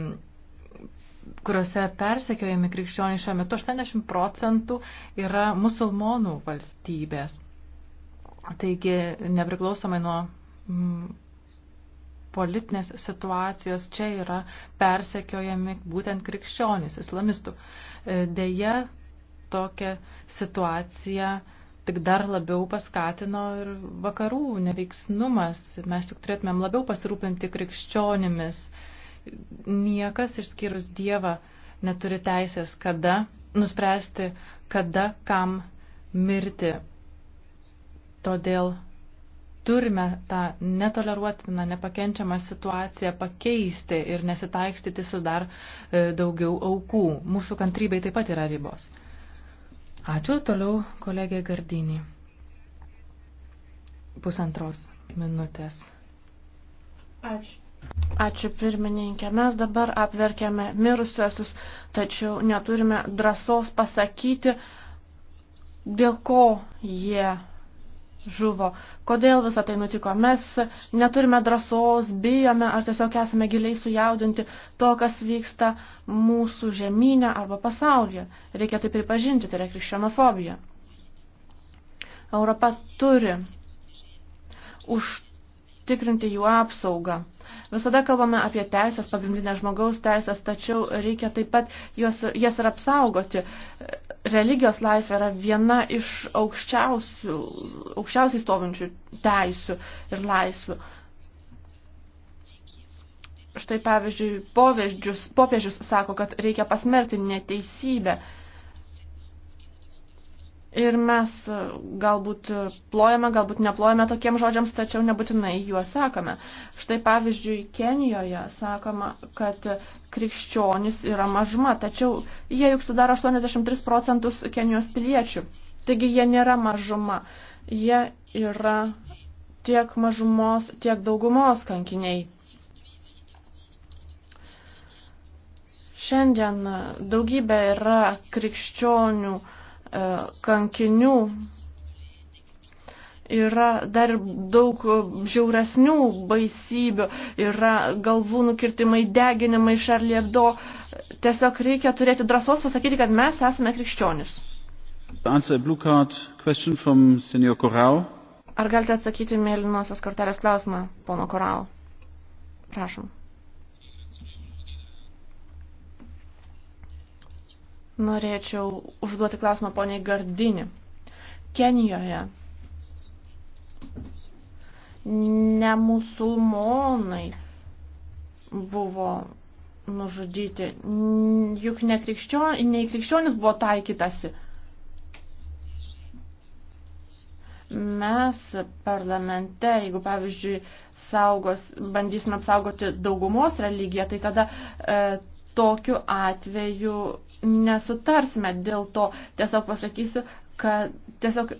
kuriuose persekiojami krikščionys šiuo metu, 80 procentų yra musulmonų valstybės. Taigi, nepriklausomai nuo politinės situacijos čia yra persekiojami būtent krikščionys, islamistų. E, deja, tokia situacija tik dar labiau paskatino ir vakarų neveiksnumas. Mes juk turėtumėm labiau pasirūpinti krikščionimis. Niekas išskyrus Dievą neturi teisės, kada nuspręsti, kada kam mirti. Todėl turime tą netoleruotiną, nepakenčiamą situaciją pakeisti ir nesitaikstyti su dar e, daugiau aukų. Mūsų kantrybei taip pat yra ribos. Ačiū toliau kolegė Gardinį. Pusantros minutės. Ačiū. Ačiū pirmininkė. Mes dabar apverkėme mirusiuosius, tačiau neturime drąsos pasakyti, dėl ko jie žuvo. Kodėl visą tai nutiko? Mes neturime drąsos, bijome ar tiesiog esame giliai sujaudinti to, kas vyksta mūsų žemynė arba pasaulyje. Reikia tai pripažinti, tai yra krikščionofobija. Europa turi užtikrinti jų apsaugą. Visada kalbame apie teisės, pagrindinės žmogaus teisės, tačiau reikia taip pat juos, jas ir apsaugoti religijos laisvė yra viena iš aukščiausių, aukščiausiai stovinčių teisių ir laisvių. Štai pavyzdžiui, popiežius sako, kad reikia pasmerkti neteisybę Ir mes e, galbūt e, plojame, galbūt neplojame tokiems žodžiams, tačiau nebūtinai juos sakome. Štai pavyzdžiui, Kenijoje sakoma, kad krikščionis yra mažuma, tačiau jie juk sudaro 83 procentus Kenijos piliečių. Taigi jie nėra mažuma. Jie yra tiek mažumos, tiek daugumos kankiniai. Šiandien daugybė yra krikščionių E, kankinių yra dar daug žiauresnių baisybių, yra galvų nukirtimai, deginimai, šarliebdo. Tiesiog reikia turėti drąsos pasakyti, kad mes esame krikščionis. Ar galite atsakyti mėlynosios kortelės klausimą, pono Korau? Prašom. Norėčiau užduoti klausimą poniai Gardinį. Kenijoje ne musulmonai buvo nužudyti, juk ne, krikščion, ne krikščionis buvo taikytasi. Mes parlamente, jeigu pavyzdžiui saugos, bandysime apsaugoti daugumos religiją, tai tada e, tokiu atveju nesutarsime. Dėl to tiesiog pasakysiu, kad tiesiog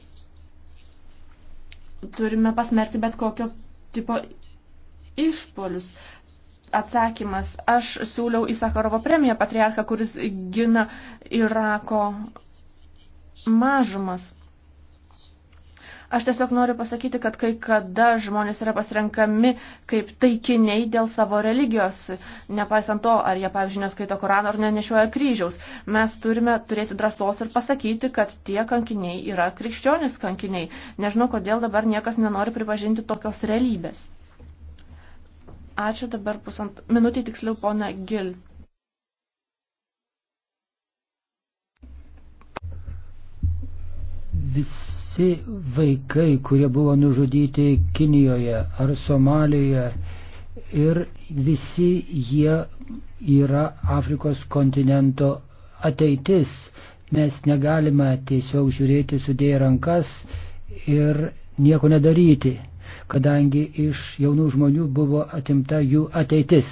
turime pasmerti bet kokio tipo išpolius. Atsakymas. Aš siūliau į Sakarovo premiją patriarchą, kuris gina Irako mažumas. Aš tiesiog noriu pasakyti, kad kai kada žmonės yra pasirenkami kaip taikiniai dėl savo religijos, nepaisant to, ar jie, pavyzdžiui, neskaito Korano ar nenešioja kryžiaus. Mes turime turėti drąsos ir pasakyti, kad tie kankiniai yra krikščionis kankiniai. Nežinau, kodėl dabar niekas nenori pripažinti tokios realybės. Ačiū dabar pusant minutį tiksliau, pona Gil. Visi Visi vaikai, kurie buvo nužudyti Kinijoje ar Somalijoje ir visi jie yra Afrikos kontinento ateitis. Mes negalime tiesiog žiūrėti sudėję rankas ir nieko nedaryti, kadangi iš jaunų žmonių buvo atimta jų ateitis.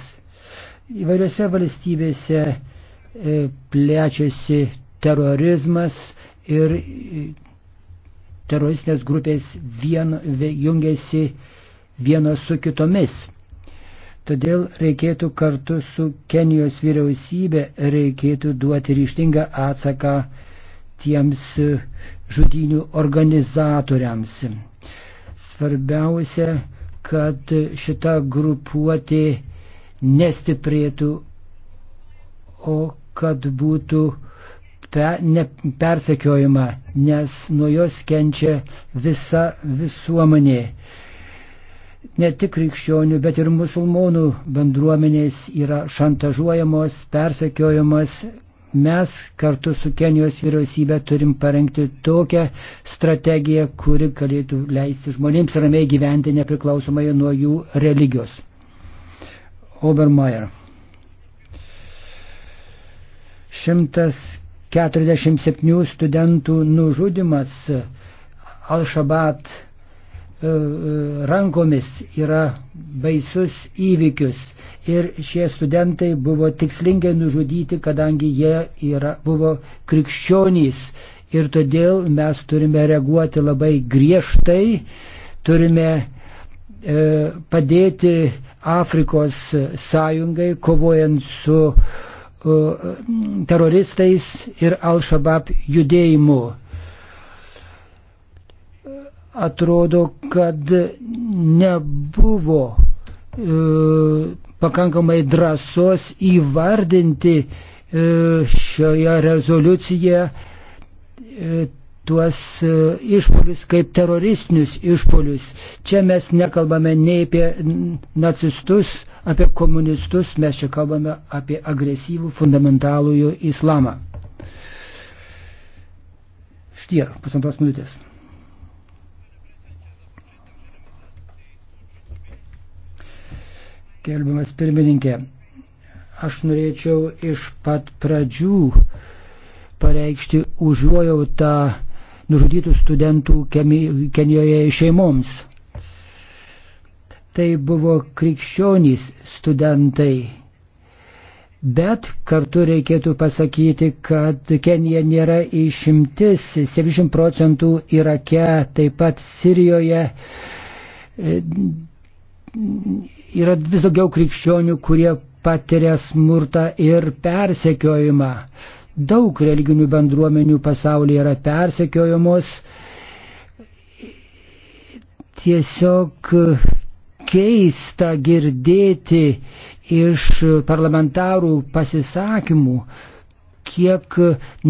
Įvairiose valstybėse e, plečiasi terorizmas ir teroristinės grupės vien, jungiasi vienos su kitomis. Todėl reikėtų kartu su Kenijos vyriausybė reikėtų duoti ryštingą atsaką tiems žudinių organizatoriams. Svarbiausia, kad šita grupuotė nestiprėtų, o kad būtų uh, pe, nepersekiojama, nes nuo jos kenčia visa visuomenė. Ne tik krikščionių, bet ir musulmonų bendruomenės yra šantažuojamos, persekiojamos. Mes kartu su Kenijos vyriausybė turim parengti tokią strategiją, kuri galėtų leisti žmonėms ramiai gyventi nepriklausomai nuo jų religijos. Obermeier. 100 47 studentų nužudimas Al-Shabaab e, e, rankomis yra baisus įvykius. Ir šie studentai buvo tikslingai nužudyti, kadangi jie yra, buvo krikščionys. Ir todėl mes turime reaguoti labai griežtai, turime e, padėti Afrikos sąjungai, kovojant su e, E, teroristais ir Al-Shabaab judėjimu. Atrodo, kad nebuvo e, pakankamai drąsos įvardinti e, šioje rezoliucijoje tuos e, išpolius kaip teroristinius išpolius. Čia mes nekalbame nei apie nacistus, apie komunistus, mes čia kalbame apie agresyvų fundamentalųjų islamą. Štie, pusantros minutės. Gerbiamas pirmininkė, aš norėčiau iš pat pradžių pareikšti užuojautą nužudytų studentų Kenijoje šeimoms. Tai buvo krikščionys studentai. Bet kartu reikėtų pasakyti, kad Kenija nėra išimtis. 70 procentų Irake, taip pat Sirijoje e, yra vis daugiau krikščionių, kurie patiria smurtą ir persekiojimą. Daug religinių bendruomenių pasaulyje yra persekiojamos. Tiesiog keista girdėti iš parlamentarų pasisakymų, kiek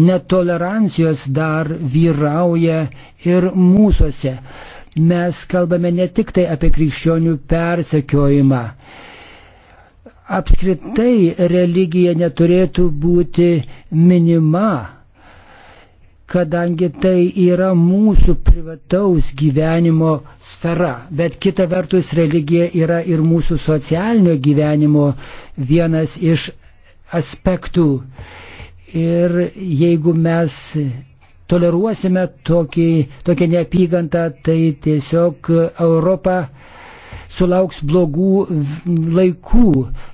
netolerancijos dar vyrauja ir mūsųse. Mes kalbame ne tik tai apie krikščionių persekiojimą apskritai religija neturėtų būti minima, kadangi tai yra mūsų privataus gyvenimo sfera. Bet kita vertus, religija yra ir mūsų socialinio gyvenimo vienas iš aspektų. Ir jeigu mes toleruosime tokį, tokią neapykantą, tai tiesiog Europa sulauks blogų laikų.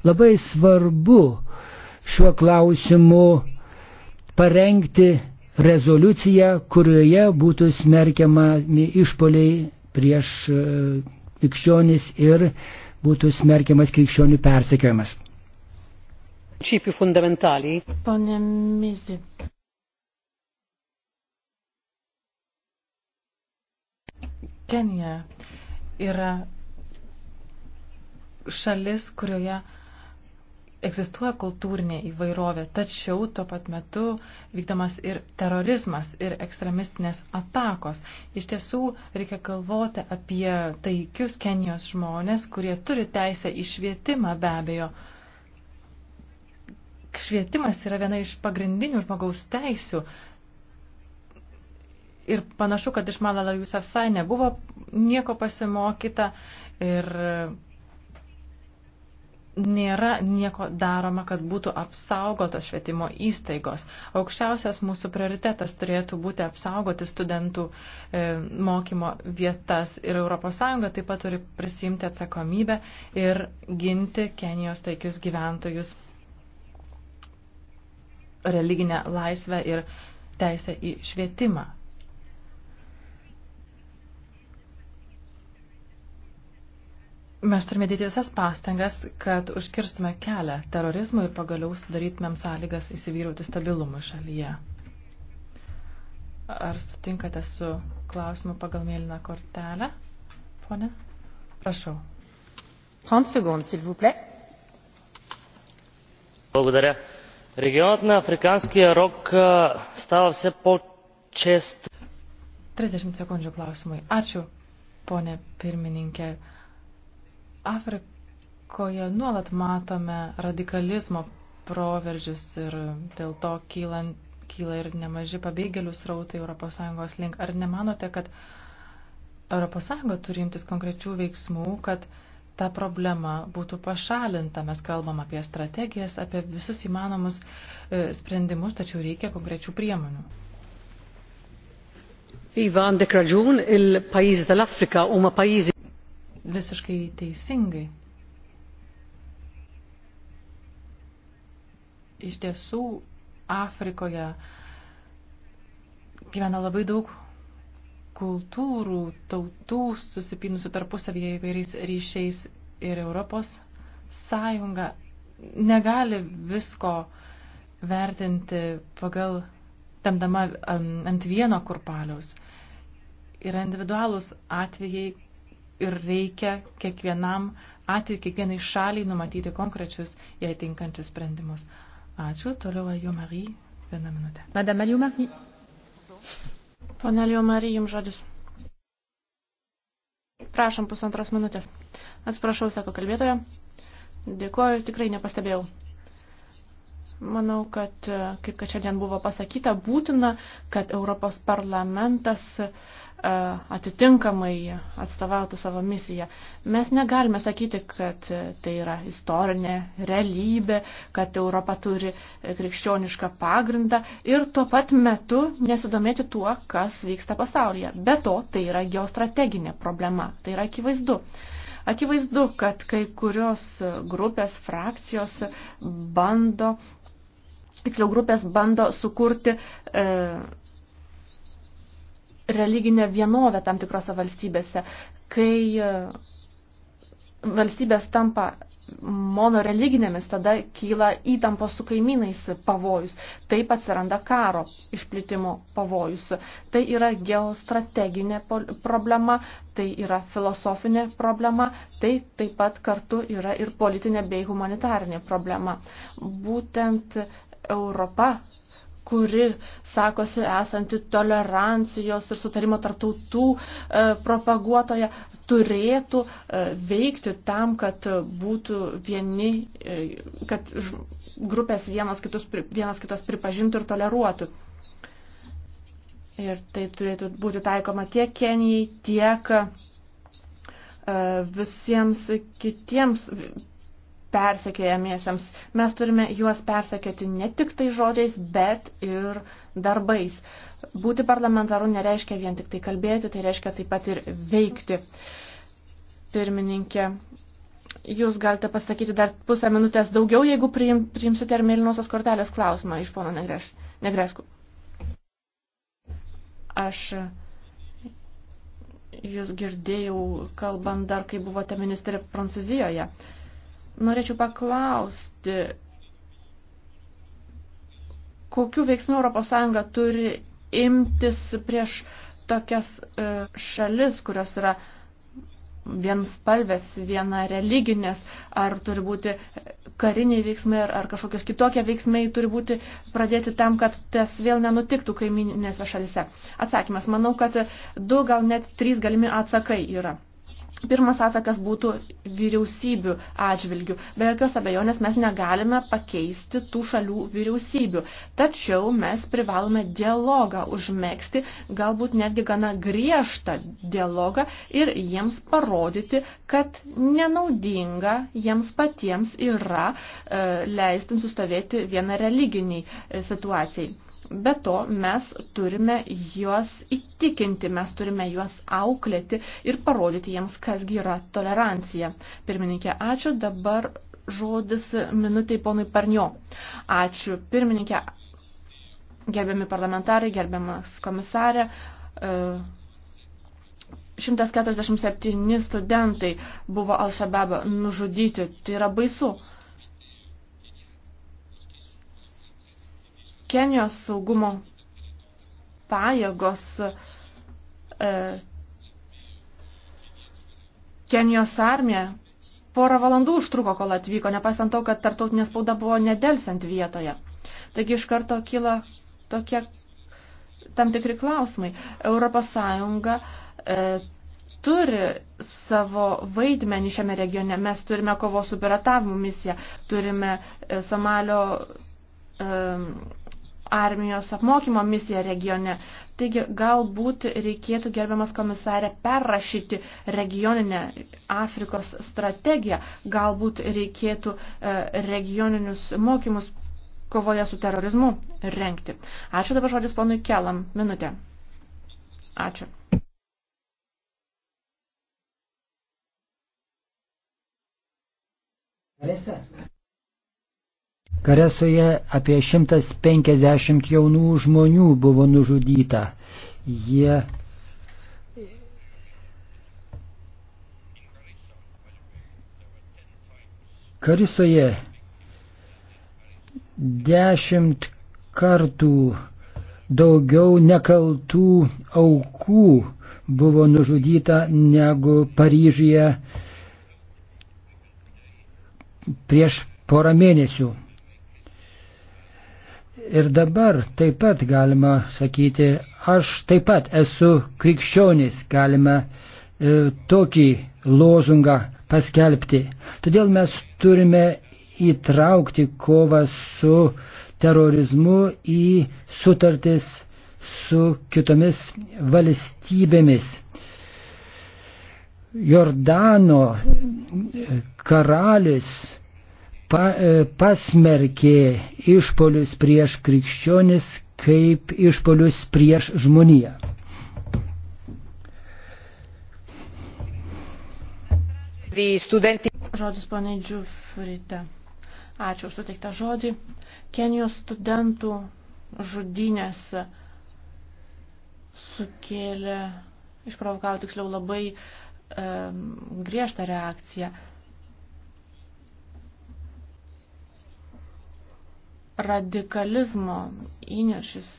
Labai svarbu šiuo klausimu parengti rezoliuciją, kurioje būtų smerkiamami išpoliai prieš e, krikščionis ir būtų smerkiamas krikščionių persekiojimas. Principių fundamentaliai. Pone Mizi. Kenija yra šalis, kurioje egzistuoja kultūrinė įvairovė, tačiau tuo pat metu vykdamas ir terorizmas, ir ekstremistinės atakos. Iš tiesų reikia galvoti apie taikius Kenijos žmonės, kurie turi teisę į švietimą be abejo. Švietimas yra viena iš pagrindinių žmogaus teisių. Ir panašu, kad iš Malala Jusafsai nebuvo nieko pasimokyta ir nėra nieko daroma, kad būtų apsaugotos švietimo įstaigos. Aukščiausias mūsų prioritetas turėtų būti apsaugoti studentų e, mokymo vietas ir ES taip pat turi prisimti atsakomybę ir ginti Kenijos taikius gyventojus religinę laisvę ir teisę į švietimą. Mes turime dėti visas pastangas, kad užkirstume kelią terorizmui ir pagaliau sudarytumėm sąlygas įsivyrauti stabilumui šalyje. Ar sutinkate su klausimu pagal mėlyną kortelę, ponė? Prašau. 30 sekund, s'il vous plaît. Благодаря. Регионът на Африканския рок става все по-чест. 30 sekundžių klausimui. Ačiū, ponė pirmininkė. Afrikoje nuolat matome radikalizmo proveržius ir dėl to kylan, kyla ir nemaži pabėgėlių srautai ES link. Ar nemanote, kad ES turi imtis konkrečių veiksmų, kad ta problema būtų pašalinta. Mes kalbam apie strategijas, apie visus įmanomus e, sprendimus, tačiau reikia konkrečių priemonių. Iva, għandek raġun, il-pajizi tal-Afrika huma pajizi visiškai teisingai. Iš tiesų, Afrikoje gyvena labai daug kultūrų, tautų susipinusių tarpusavyje įvairiais ryšiais ir Europos sąjunga negali visko vertinti pagal tamdama ant vieno kurpaliaus. Yra individualūs atvejai, ir reikia kiekvienam atveju, kiekvienai šaliai numatyti konkrečius, jai tinkančius sprendimus. Ačiū. Toliau Alio Marie. Vieną minutę. Madame Alio Marie. Pone Alio Marie, jums žodis. Prašom pusantros minutės. Atsiprašau, sako kalbėtoja. Dėkuoju, tikrai nepastebėjau. Manau, kad, e, kaip kad šiandien buvo pasakyta, būtina, kad Europos parlamentas e, atitinkamai atstovautų savo misiją. Mes negalime sakyti, kad e, tai yra istorinė realybė, kad Europa turi krikščionišką pagrindą ir tuo pat metu nesidomėti tuo, kas vyksta pasaulyje. Be to, tai yra geostrateginė problema. Tai yra akivaizdu. Akivaizdu, kad kai kurios grupės, frakcijos bando tiksliau grupės bando sukurti e, religinę vienovę tam tikrose valstybėse, kai e, valstybės tampa monoreliginėmis, tada kyla įtampos su kaimynais pavojus. Taip atsiranda karo išplitimo pavojus. Tai yra geostrateginė problema, tai yra filosofinė problema, tai taip pat kartu yra ir politinė bei humanitarinė problema. Būtent Europa, kuri sakosi esanti tolerancijos ir sutarimo tartautų e, propaguotoja, turėtų e, veikti tam, kad būtų vieni, e, kad grupės vienas, kitus, vienas kitos pripažintų ir toleruotų. Ir tai turėtų būti taikoma tiek Kenijai, tiek visiems kitiems persekiojamiesiems. Mes turime juos persekioti ne tik tai žodžiais, bet ir darbais. Būti parlamentaru nereiškia vien tik tai kalbėti, tai reiškia taip pat ir veikti. Pirmininkė, jūs galite pasakyti dar pusę minutės daugiau, jeigu priim, priimsite ir mėlynosios kortelės klausimą iš pono negreš, Negreskų. Aš jūs girdėjau kalbant dar, kai buvote ministrė Prancūzijoje. Uh, Norėčiau paklausti, kokiu veiksmu ES turi imtis prieš tokias e, šalis, kurios yra vienspalvės, viena religinės, ar turi būti kariniai veiksmai, ar, ar kažkokios kitokie veiksmai turi būti pradėti tam, kad tas vėl nenutiktų kaiminėse šalise. Atsakymas, manau, kad du, gal net trys galimi atsakai yra. Pirmas atsakas būtų vyriausybių atžvilgių. Be jokios abejonės mes negalime pakeisti tų šalių vyriausybių. Tačiau mes privalome dialogą užmėgsti, galbūt netgi gana griežtą dialogą ir jiems parodyti, kad nenaudinga jiems patiems yra e, leisti nusistovėti vieną religiniai e, situacijai. Be to, mes turime juos įtikinti, mes turime juos auklėti ir parodyti jiems, kasgi yra tolerancija. Pirmininkė, ačiū. Dabar žodis minutiai ponui Parnio. Ačiū. Pirmininkė, gerbiami parlamentarai, gerbiamas komisarė. E, uh, 147 studentai buvo Al-Shabaab nužudyti. Tai yra baisu. Kenijos saugumo pajėgos e, Kenijos armija porą valandų užtruko, kol atvyko, nepaisant to, kad tartautinė spauda buvo nedelsiant vietoje. Taigi iš karto kyla tokie tam tikri klausimai. Europos Sąjunga e, turi savo vaidmenį šiame regione. Mes turime kovos su piratavimo misiją, turime e, Somalio e, armijos apmokymo misiją regione. Taigi galbūt reikėtų gerbiamas komisarė perrašyti regioninę Afrikos strategiją, galbūt reikėtų e, regioninius mokymus kovoje su terorizmu renkti. Ačiū dabar žodis ponui Kelam. Minutė. Ačiū. Alessa. Karesoje apie 150 jaunų žmonių buvo nužudyta. Jie Karisoje dešimt kartų daugiau nekaltų aukų buvo nužudyta negu Paryžyje prieš porą mėnesių. Ir dabar taip pat galima sakyti, aš taip pat esu krikščionis, galime e, tokį lozungą paskelbti. Todėl mes turime įtraukti kovą su terorizmu į sutartis su kitomis valstybėmis. Jordano karalis pa, e, pasmerkė išpolius prieš krikščionis kaip išpolius prieš žmoniją. Žodis paneidžiu Frida. Ačiū už suteiktą žodį. Kenijos studentų žudynės sukėlė, išprovokavo tiksliau labai um, griežtą reakciją. radikalizmo įnešis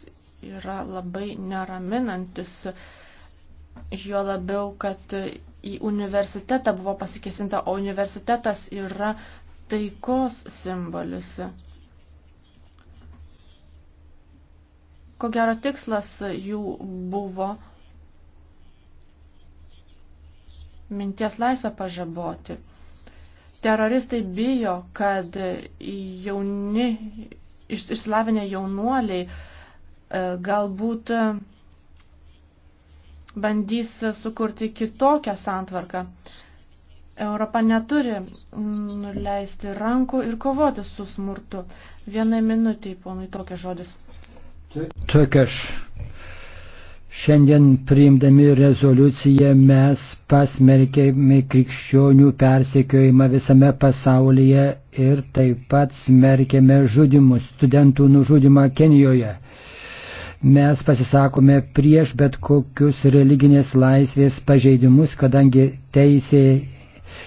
yra labai neraminantis, jo labiau, kad į universitetą buvo pasikesinta, o universitetas yra taikos simbolis. Ko gero tikslas jų buvo minties laisvę pažaboti. Teroristai bijo, kad jauni išsilavinę jaunuoliai e, galbūt e, bandys sukurti kitokią santvarką. Europa neturi mm, nuleisti rankų ir kovoti su smurtu. Vienai minutiai, ponui, tokia žodis. Tokia aš Šiandien priimdami rezoliuciją mes pasmerkėme krikščionių persekiojimą visame pasaulyje ir taip pat smerkėme žudimus, studentų nužudimą Kenijoje. Mes pasisakome prieš bet kokius religinės laisvės pažeidimus, kadangi teisė,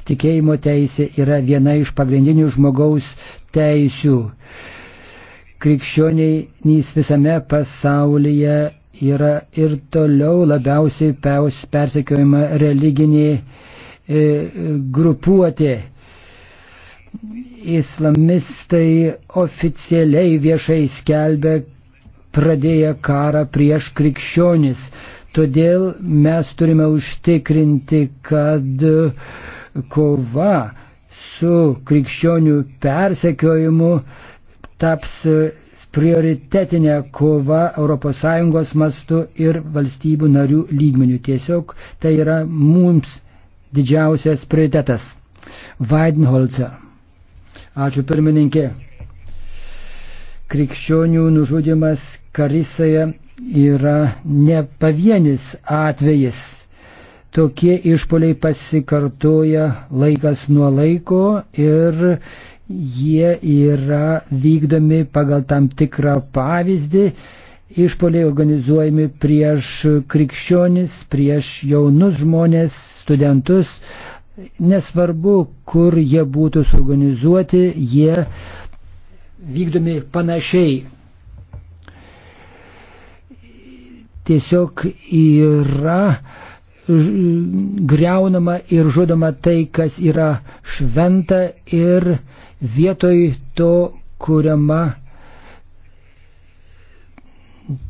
tikėjimo teisė yra viena iš pagrindinių žmogaus teisių. Krikščioniai visame pasaulyje yra ir toliau labiausiai persekiojama religinė e, grupuotė. Islamistai oficialiai viešai skelbia pradėję karą prieš krikščionis. Todėl mes turime užtikrinti, kad kova su krikščionių persekiojimu taps prioritetinė kova ES mastu ir valstybių narių lygmenių. Tiesiog tai yra mums didžiausias prioritetas. Weidenholzer. Ačiū pirmininkė. Krikščionių nužudimas Karisoje yra ne pavienis atvejis. Tokie išpoliai pasikartoja laikas nuo laiko ir jie yra vykdomi pagal tam tikrą pavyzdį, išpoliai organizuojami prieš krikščionis, prieš jaunus žmonės, studentus. Nesvarbu, kur jie būtų suorganizuoti, jie vykdomi panašiai. Tiesiog yra greunama ir žudoma tai, kas yra šventa ir uh, Vietoj to kuriama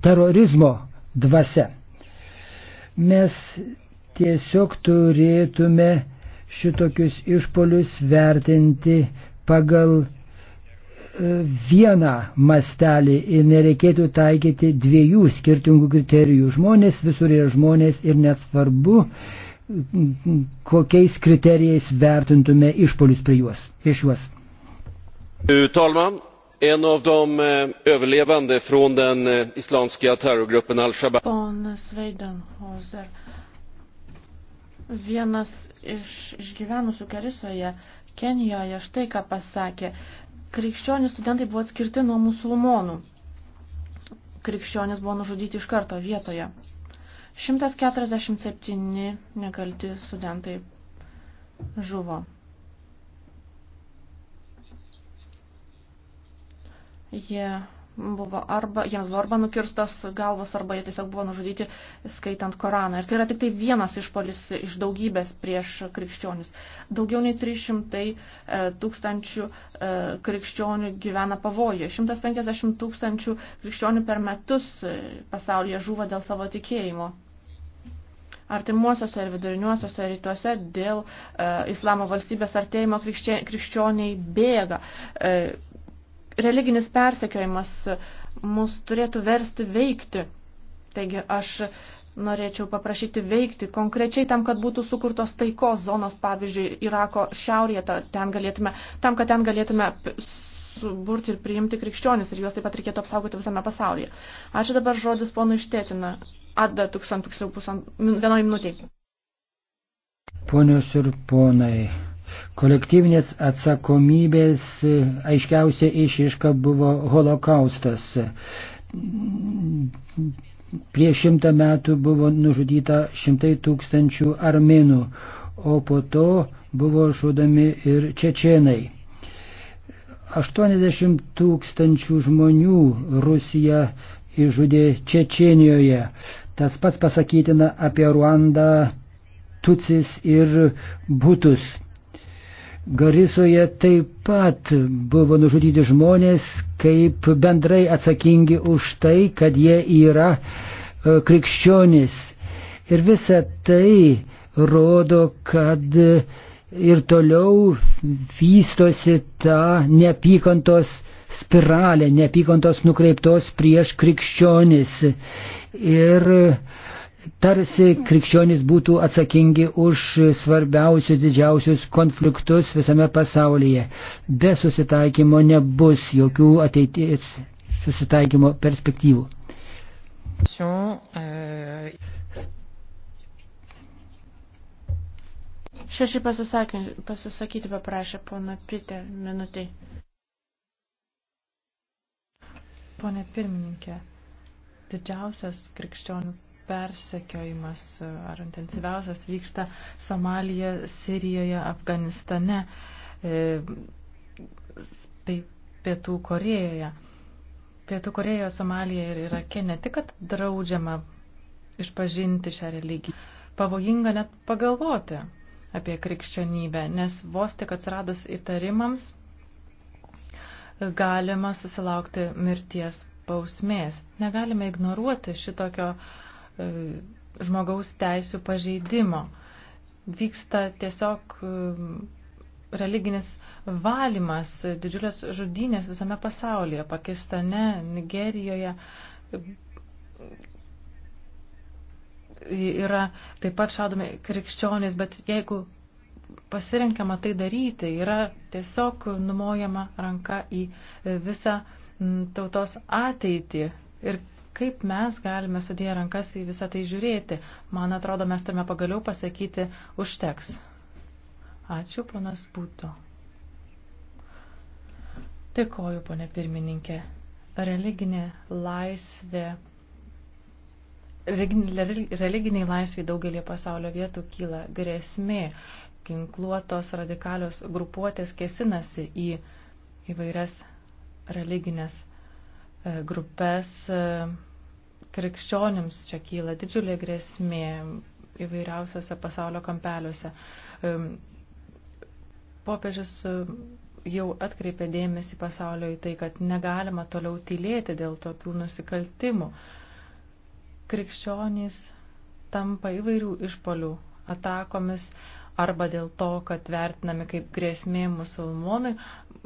terorizmo dvasia. Mes tiesiog turėtume šitokius išpolius vertinti pagal e, vieną mastelį ir nereikėtų taikyti dviejų skirtingų kriterijų. Žmonės visur yra žmonės ir net svarbu, kokiais kriterijais vertintume išpolius prie juos, prieš juos. Fru talman! En av de eh, överlevande från den eh, islamska terrorgruppen al-Shabaab. Ponas Veidenhozer. Vienas iš išgyvenusių Karisoje, Kenijoje, štai ką pasakė. Krikščionys studentai buvo atskirti nuo musulmonų. Krikščionys buvo nužudyti iš karto vietoje. 147 nekalti studentai žuvo. Jie buvo arba, jiems buvo arba nukirstos galvos, arba jie tiesiog buvo nužudyti skaitant Koraną. Ir tai yra tik tai vienas išpolis iš daugybės prieš krikščionis. Daugiau nei 300 e, tūkstančių e, krikščionių gyvena pavojuje. 150 tūkstančių krikščionių per metus e, pasaulyje žuva dėl savo tikėjimo artimuosiuose ir viduriniuosiuose rytuose dėl e, islamo valstybės artėjimo krikščioniai bėga. E, religinis persekiojimas mus turėtų versti veikti. Taigi aš norėčiau paprašyti veikti konkrečiai tam, kad būtų sukurtos taikos zonos, pavyzdžiui, Irako šiaurėje, ten galėtume, tam, kad ten galėtume suburti ir priimti krikščionis ir juos taip pat reikėtų apsaugoti visame pasaulyje. Ačiū dabar žodis ponui Štėtina. Atda tūkstant, tūkstant, nu, vienoj minutėj. Ponios ir ponai, Kolektyvinės atsakomybės e, aiškiausia išiška buvo holokaustas. Prieš šimtą metų buvo nužudyta šimtai tūkstančių armenų, o po to buvo žudomi ir čečienai. 80 tūkstančių žmonių Rusija išžudė Čečenijoje. Tas pats pasakytina apie Ruandą, Tucis ir Būtus. Garisoje taip pat buvo nužudyti žmonės kaip bendrai atsakingi už tai, kad jie yra e, krikščionys. Ir visa tai rodo, kad e, ir toliau vystosi ta neapykantos spiralė, neapykantos nukreiptos prieš krikščionis. Ir uh, tarsi krikščionys būtų atsakingi už svarbiausius didžiausius konfliktus visame pasaulyje. Be susitaikymo nebus jokių ateities susitaikymo perspektyvų. Šeši pasisakyti paprašė pana Pite minutai. Pone pirmininkė, didžiausias krikščionių persekiojimas e, ar intensyviausias vyksta Somalija, Sirijoje, Afganistane, e, Pietų Korejoje. Pietų Korejoje, Somalija ir Irake ne tik, kad draudžiama išpažinti šią religiją, pavojinga net pagalvoti apie krikščionybę, nes vos tik atsiradus įtarimams galima susilaukti mirties bausmės. Negalime ignoruoti šitokio uh, E, žmogaus teisų pažeidimo. Vyksta tiesiog e, religinis valymas, didžiulės žudynės visame pasaulyje, Pakistane, Nigerijoje. E, yra taip pat šaudomi krikščionys, bet jeigu pasirinkiama tai daryti, yra tiesiog numojama ranka į visą tautos ateitį. Ir Kaip mes galime sudėję rankas į visą tai žiūrėti? Man atrodo, mes turime pagaliau pasakyti užteks. Ačiū, ponas Būto. Dėkoju, ponė pirmininkė. Religinė laisvė religiniai laisviai daugelį pasaulio vietų kyla grėsmė. Ginkluotos radikalios grupuotės kesinasi į įvairias religinės E, grupės e, krikščionims čia kyla didžiulė grėsmė įvairiausiose pasaulio kampeliuose. E, popiežius jau atkreipė dėmesį pasaulio į tai, kad negalima toliau tylėti dėl tokių nusikaltimų. Krikščionys tampa įvairių išpolių atakomis, arba dėl to, kad vertinami kaip grėsmė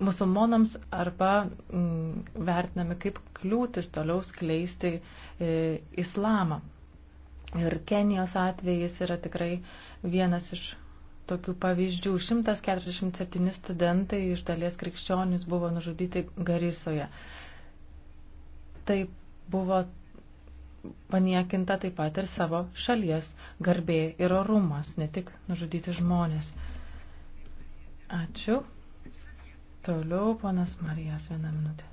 musulmonams arba m, mm, vertinami kaip kliūtis toliau skleisti e, islamą. Ir Kenijos atvejis yra tikrai vienas iš tokių pavyzdžių. 147 studentai iš dalies krikščionys buvo nužudyti Garisoje. Tai buvo paniekinta taip pat ir savo šalies garbė ir orumas, ne tik nužudyti žmonės. Ačiū. Toliau ponas Marijas vieną minutę.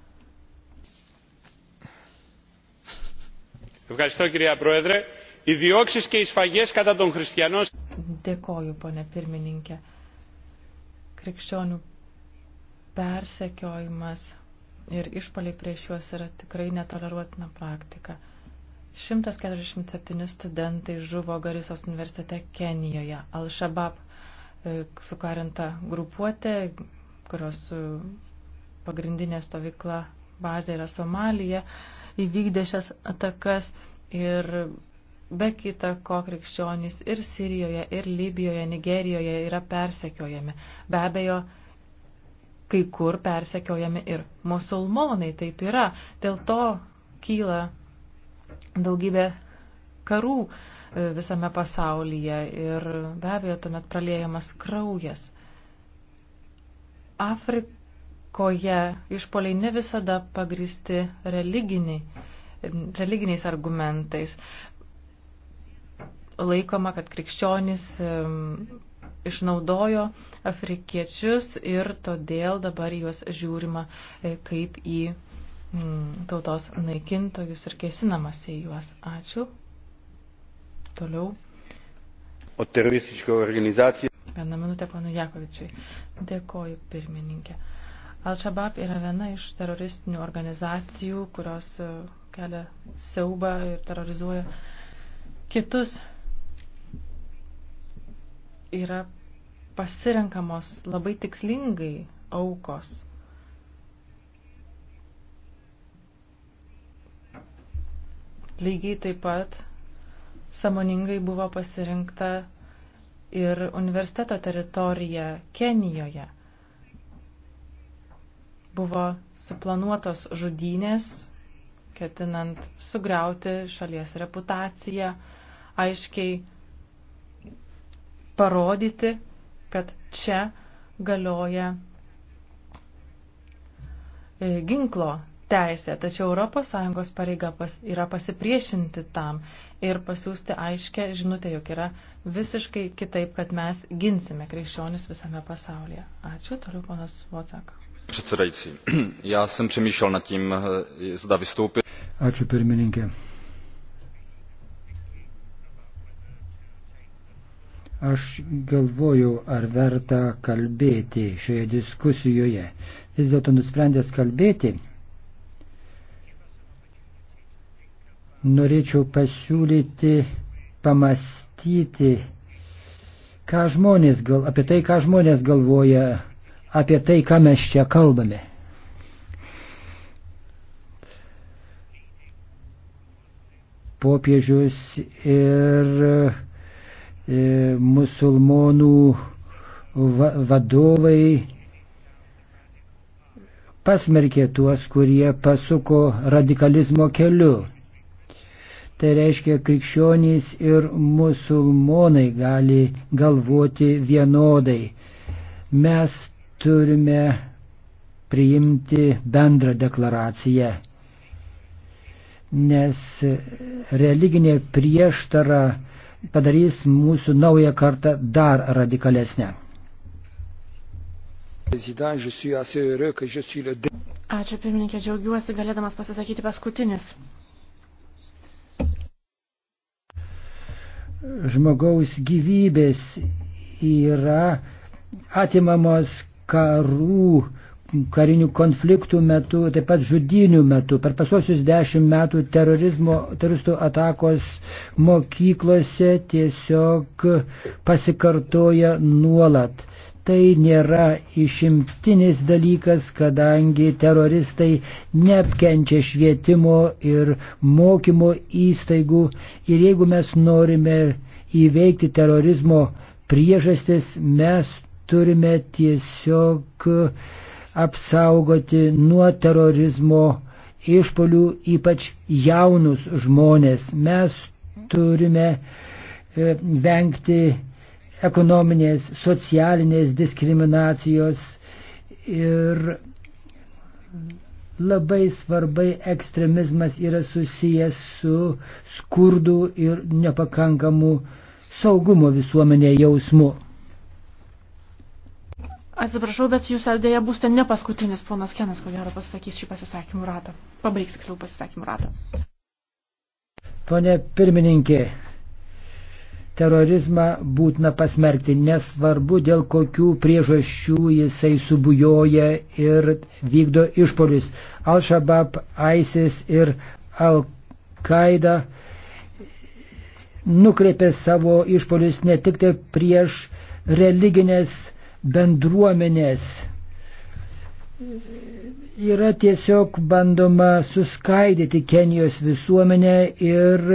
Ευχαριστώ κυρία Πρόεδρε. Οι διώξεις και οι σφαγές κατά των χριστιανών... Dėkoju, ponė pirmininkė. Krikščionių persekiojimas ir išpaliai prieš juos yra tikrai netoleruotina praktika. 147 studentai žuvo Garisos universitete Kenijoje. Al-Shabaab e, sukarinta grupuotė, kurios e, pagrindinė stovykla bazė yra Somalija, įvykdė šias atakas ir be kita ko krikščionys ir Sirijoje, ir Libijoje, Nigerijoje yra persekiojami. Be abejo, kai kur persekiojami ir musulmonai, taip yra. Dėl to kyla daugybė karų e, visame pasaulyje ir be abejo tuomet praliejamas kraujas. Afrikoje išpoliai ne visada pagristi religiniai, religiniais argumentais. Laikoma, kad krikščionys išnaudojo afrikiečius ir todėl dabar juos žiūrima e, kaip į Mm, tautos naikintojus ir kėsinamasi į juos. Ačiū. Toliau. O terorističko organizacija. Vieną minutę, pana Jakovičiai. Dėkoju, pirmininkė. Al-Shabaab yra viena iš teroristinių organizacijų, kurios e, kelia siaubą ir terorizuoja kitus. Yra pasirenkamos labai tikslingai aukos Lygiai taip pat samoningai buvo pasirinkta ir universiteto teritorija Kenijoje. Buvo suplanuotos žudynės, ketinant sugriauti šalies reputaciją, aiškiai parodyti, kad čia galioja e, ginklo teisė, tačiau ES pareiga pas, yra pasipriešinti tam ir pasiūsti aiškę žinutę, jog yra visiškai kitaip, kad mes ginsime krikščionis visame pasaulyje. Ačiū, toliau ponas Vocak. Předsedající, já jsem přemýšlel nad tím, eh, zda vystoupit. Ačiū pirmininkė. Aš galvojau, ar verta kalbėti šioje diskusijoje. Vis dėlto nusprendęs kalbėti, norėčiau pasiūlyti pamastyti, ką žmonės gal, apie tai, ką žmonės galvoja, apie tai, ką mes čia kalbame. Popiežius ir e, musulmonų va, vadovai pasmerkė tuos, kurie pasuko radikalizmo keliu Tai reiškia, krikščionys ir musulmonai gali galvoti vienodai. Mes turime priimti bendrą deklaraciją, nes religinė prieštara padarys mūsų naują kartą dar radikalesnę. Ačiū pirmininkė, džiaugiuosi galėdamas pasisakyti paskutinis. žmogaus gyvybės yra atimamos karų, karinių konfliktų metu, taip pat žudinių metu. Per pasosius dešimt metų teroristų atakos mokyklose tiesiog pasikartoja nuolat. Tai nėra išimtinis dalykas, kadangi teroristai neapkenčia švietimo ir mokymo įstaigų. Ir jeigu mes norime įveikti terorizmo priežastis, mes turime tiesiog apsaugoti nuo terorizmo išpolių ypač jaunus žmonės. Mes turime e, vengti ekonominės, socialinės diskriminacijos ir labai svarbai ekstremizmas yra susijęs su skurdu ir nepakankamu saugumo visuomenė jausmu. Atsiprašau, bet jūs dėja būsite ne paskutinis ponas Kenas, ko gero pasisakys šį pasisakymų ratą. Pabaigs tiksliau pasisakymų ratą. Pone pirmininkė, Terorizmą būtina pasmerkti, nesvarbu dėl kokių priežasčių jisai subujoja ir vykdo išpolius. Al-Shabaab, ISIS ir Al-Qaeda nukreipė savo išpolius ne tik tai prieš religinės bendruomenės. Yra tiesiog bandoma suskaidyti Kenijos visuomenę ir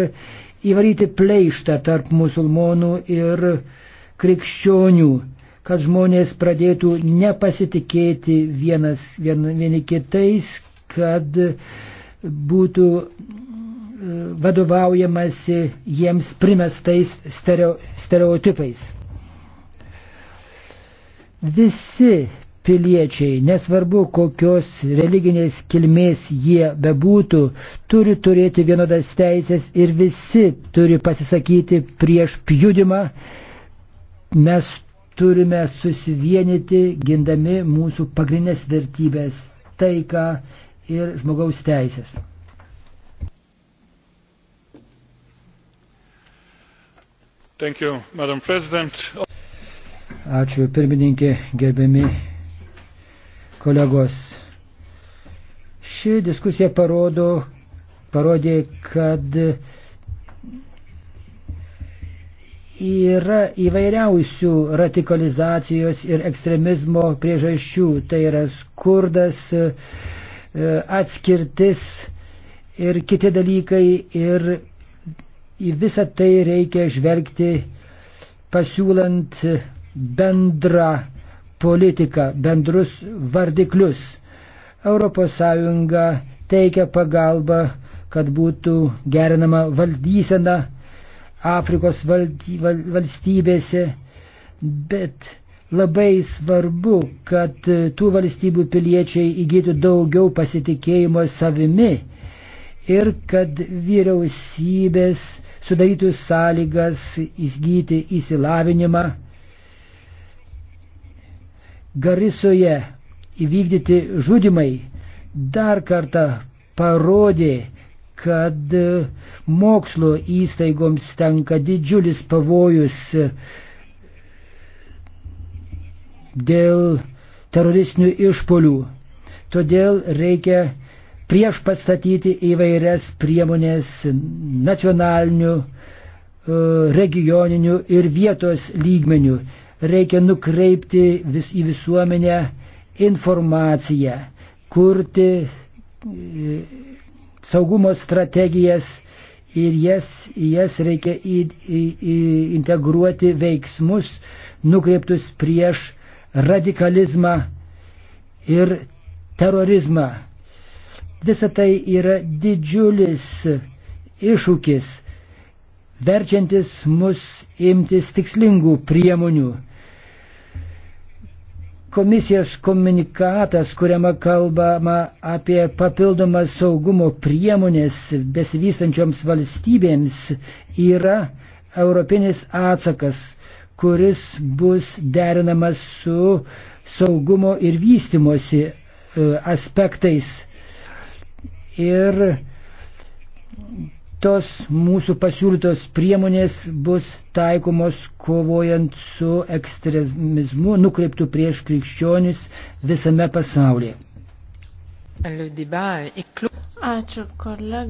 įvaryti pleištą tarp musulmonų ir krikščionių, kad žmonės pradėtų nepasitikėti vienas, vien, vieni kitais, kad būtų e, vadovaujamasi jiems primestais stereo, stereotipais. Visi piliečiai, nesvarbu kokios religinės kilmės jie bebūtų, turi turėti vienodas teisės ir visi turi pasisakyti prieš pjudimą. Mes turime susivienyti, gindami mūsų pagrindinės vertybės - taiką ir žmogaus teisės. Thank you, Madam President. Ačiū pirmininkė, gerbiami kolegos. Ši diskusija parodo, parodė, kad yra įvairiausių radikalizacijos ir ekstremizmo priežasčių. Tai yra skurdas, e, atskirtis ir kiti dalykai. Ir į visą tai reikia žvelgti pasiūlant bendrą politiką, bendrus vardiklius. ES teikia pagalbą, kad būtų gerinama valdysena Afrikos valdy, val, valstybėse, bet labai svarbu, kad tų valstybių piliečiai įgytų daugiau pasitikėjimo savimi ir kad vyriausybės sudarytų sąlygas įsgyti įsilavinimą Garisoje įvykdyti žudimai dar kartą parodė, kad mokslo įstaigoms tenka didžiulis pavojus dėl teroristinių išpolių. Todėl reikia prieš pastatyti įvairias priemonės nacionalinių, e, regioninių ir vietos lygmenių reikia nukreipti vis į visuomenę informaciją, kurti e, saugumo strategijas ir jas, jas reikia į, į, į integruoti veiksmus nukreiptus prieš radikalizmą ir terorizmą. Visa tai yra didžiulis iššūkis, verčiantis mus imtis tikslingų priemonių. Komisijos komunikatas, kuriame kalbama apie papildomas saugumo priemonės besivystančioms valstybėms, yra europinis atsakas, kuris bus derinamas su saugumo ir vystimosi e, aspektais. Ir tos mūsų pasiūlytos priemonės bus taikomos kovojant su ekstremizmu nukreiptų prieš krikščionis visame pasaulyje. Ačiū, kolega.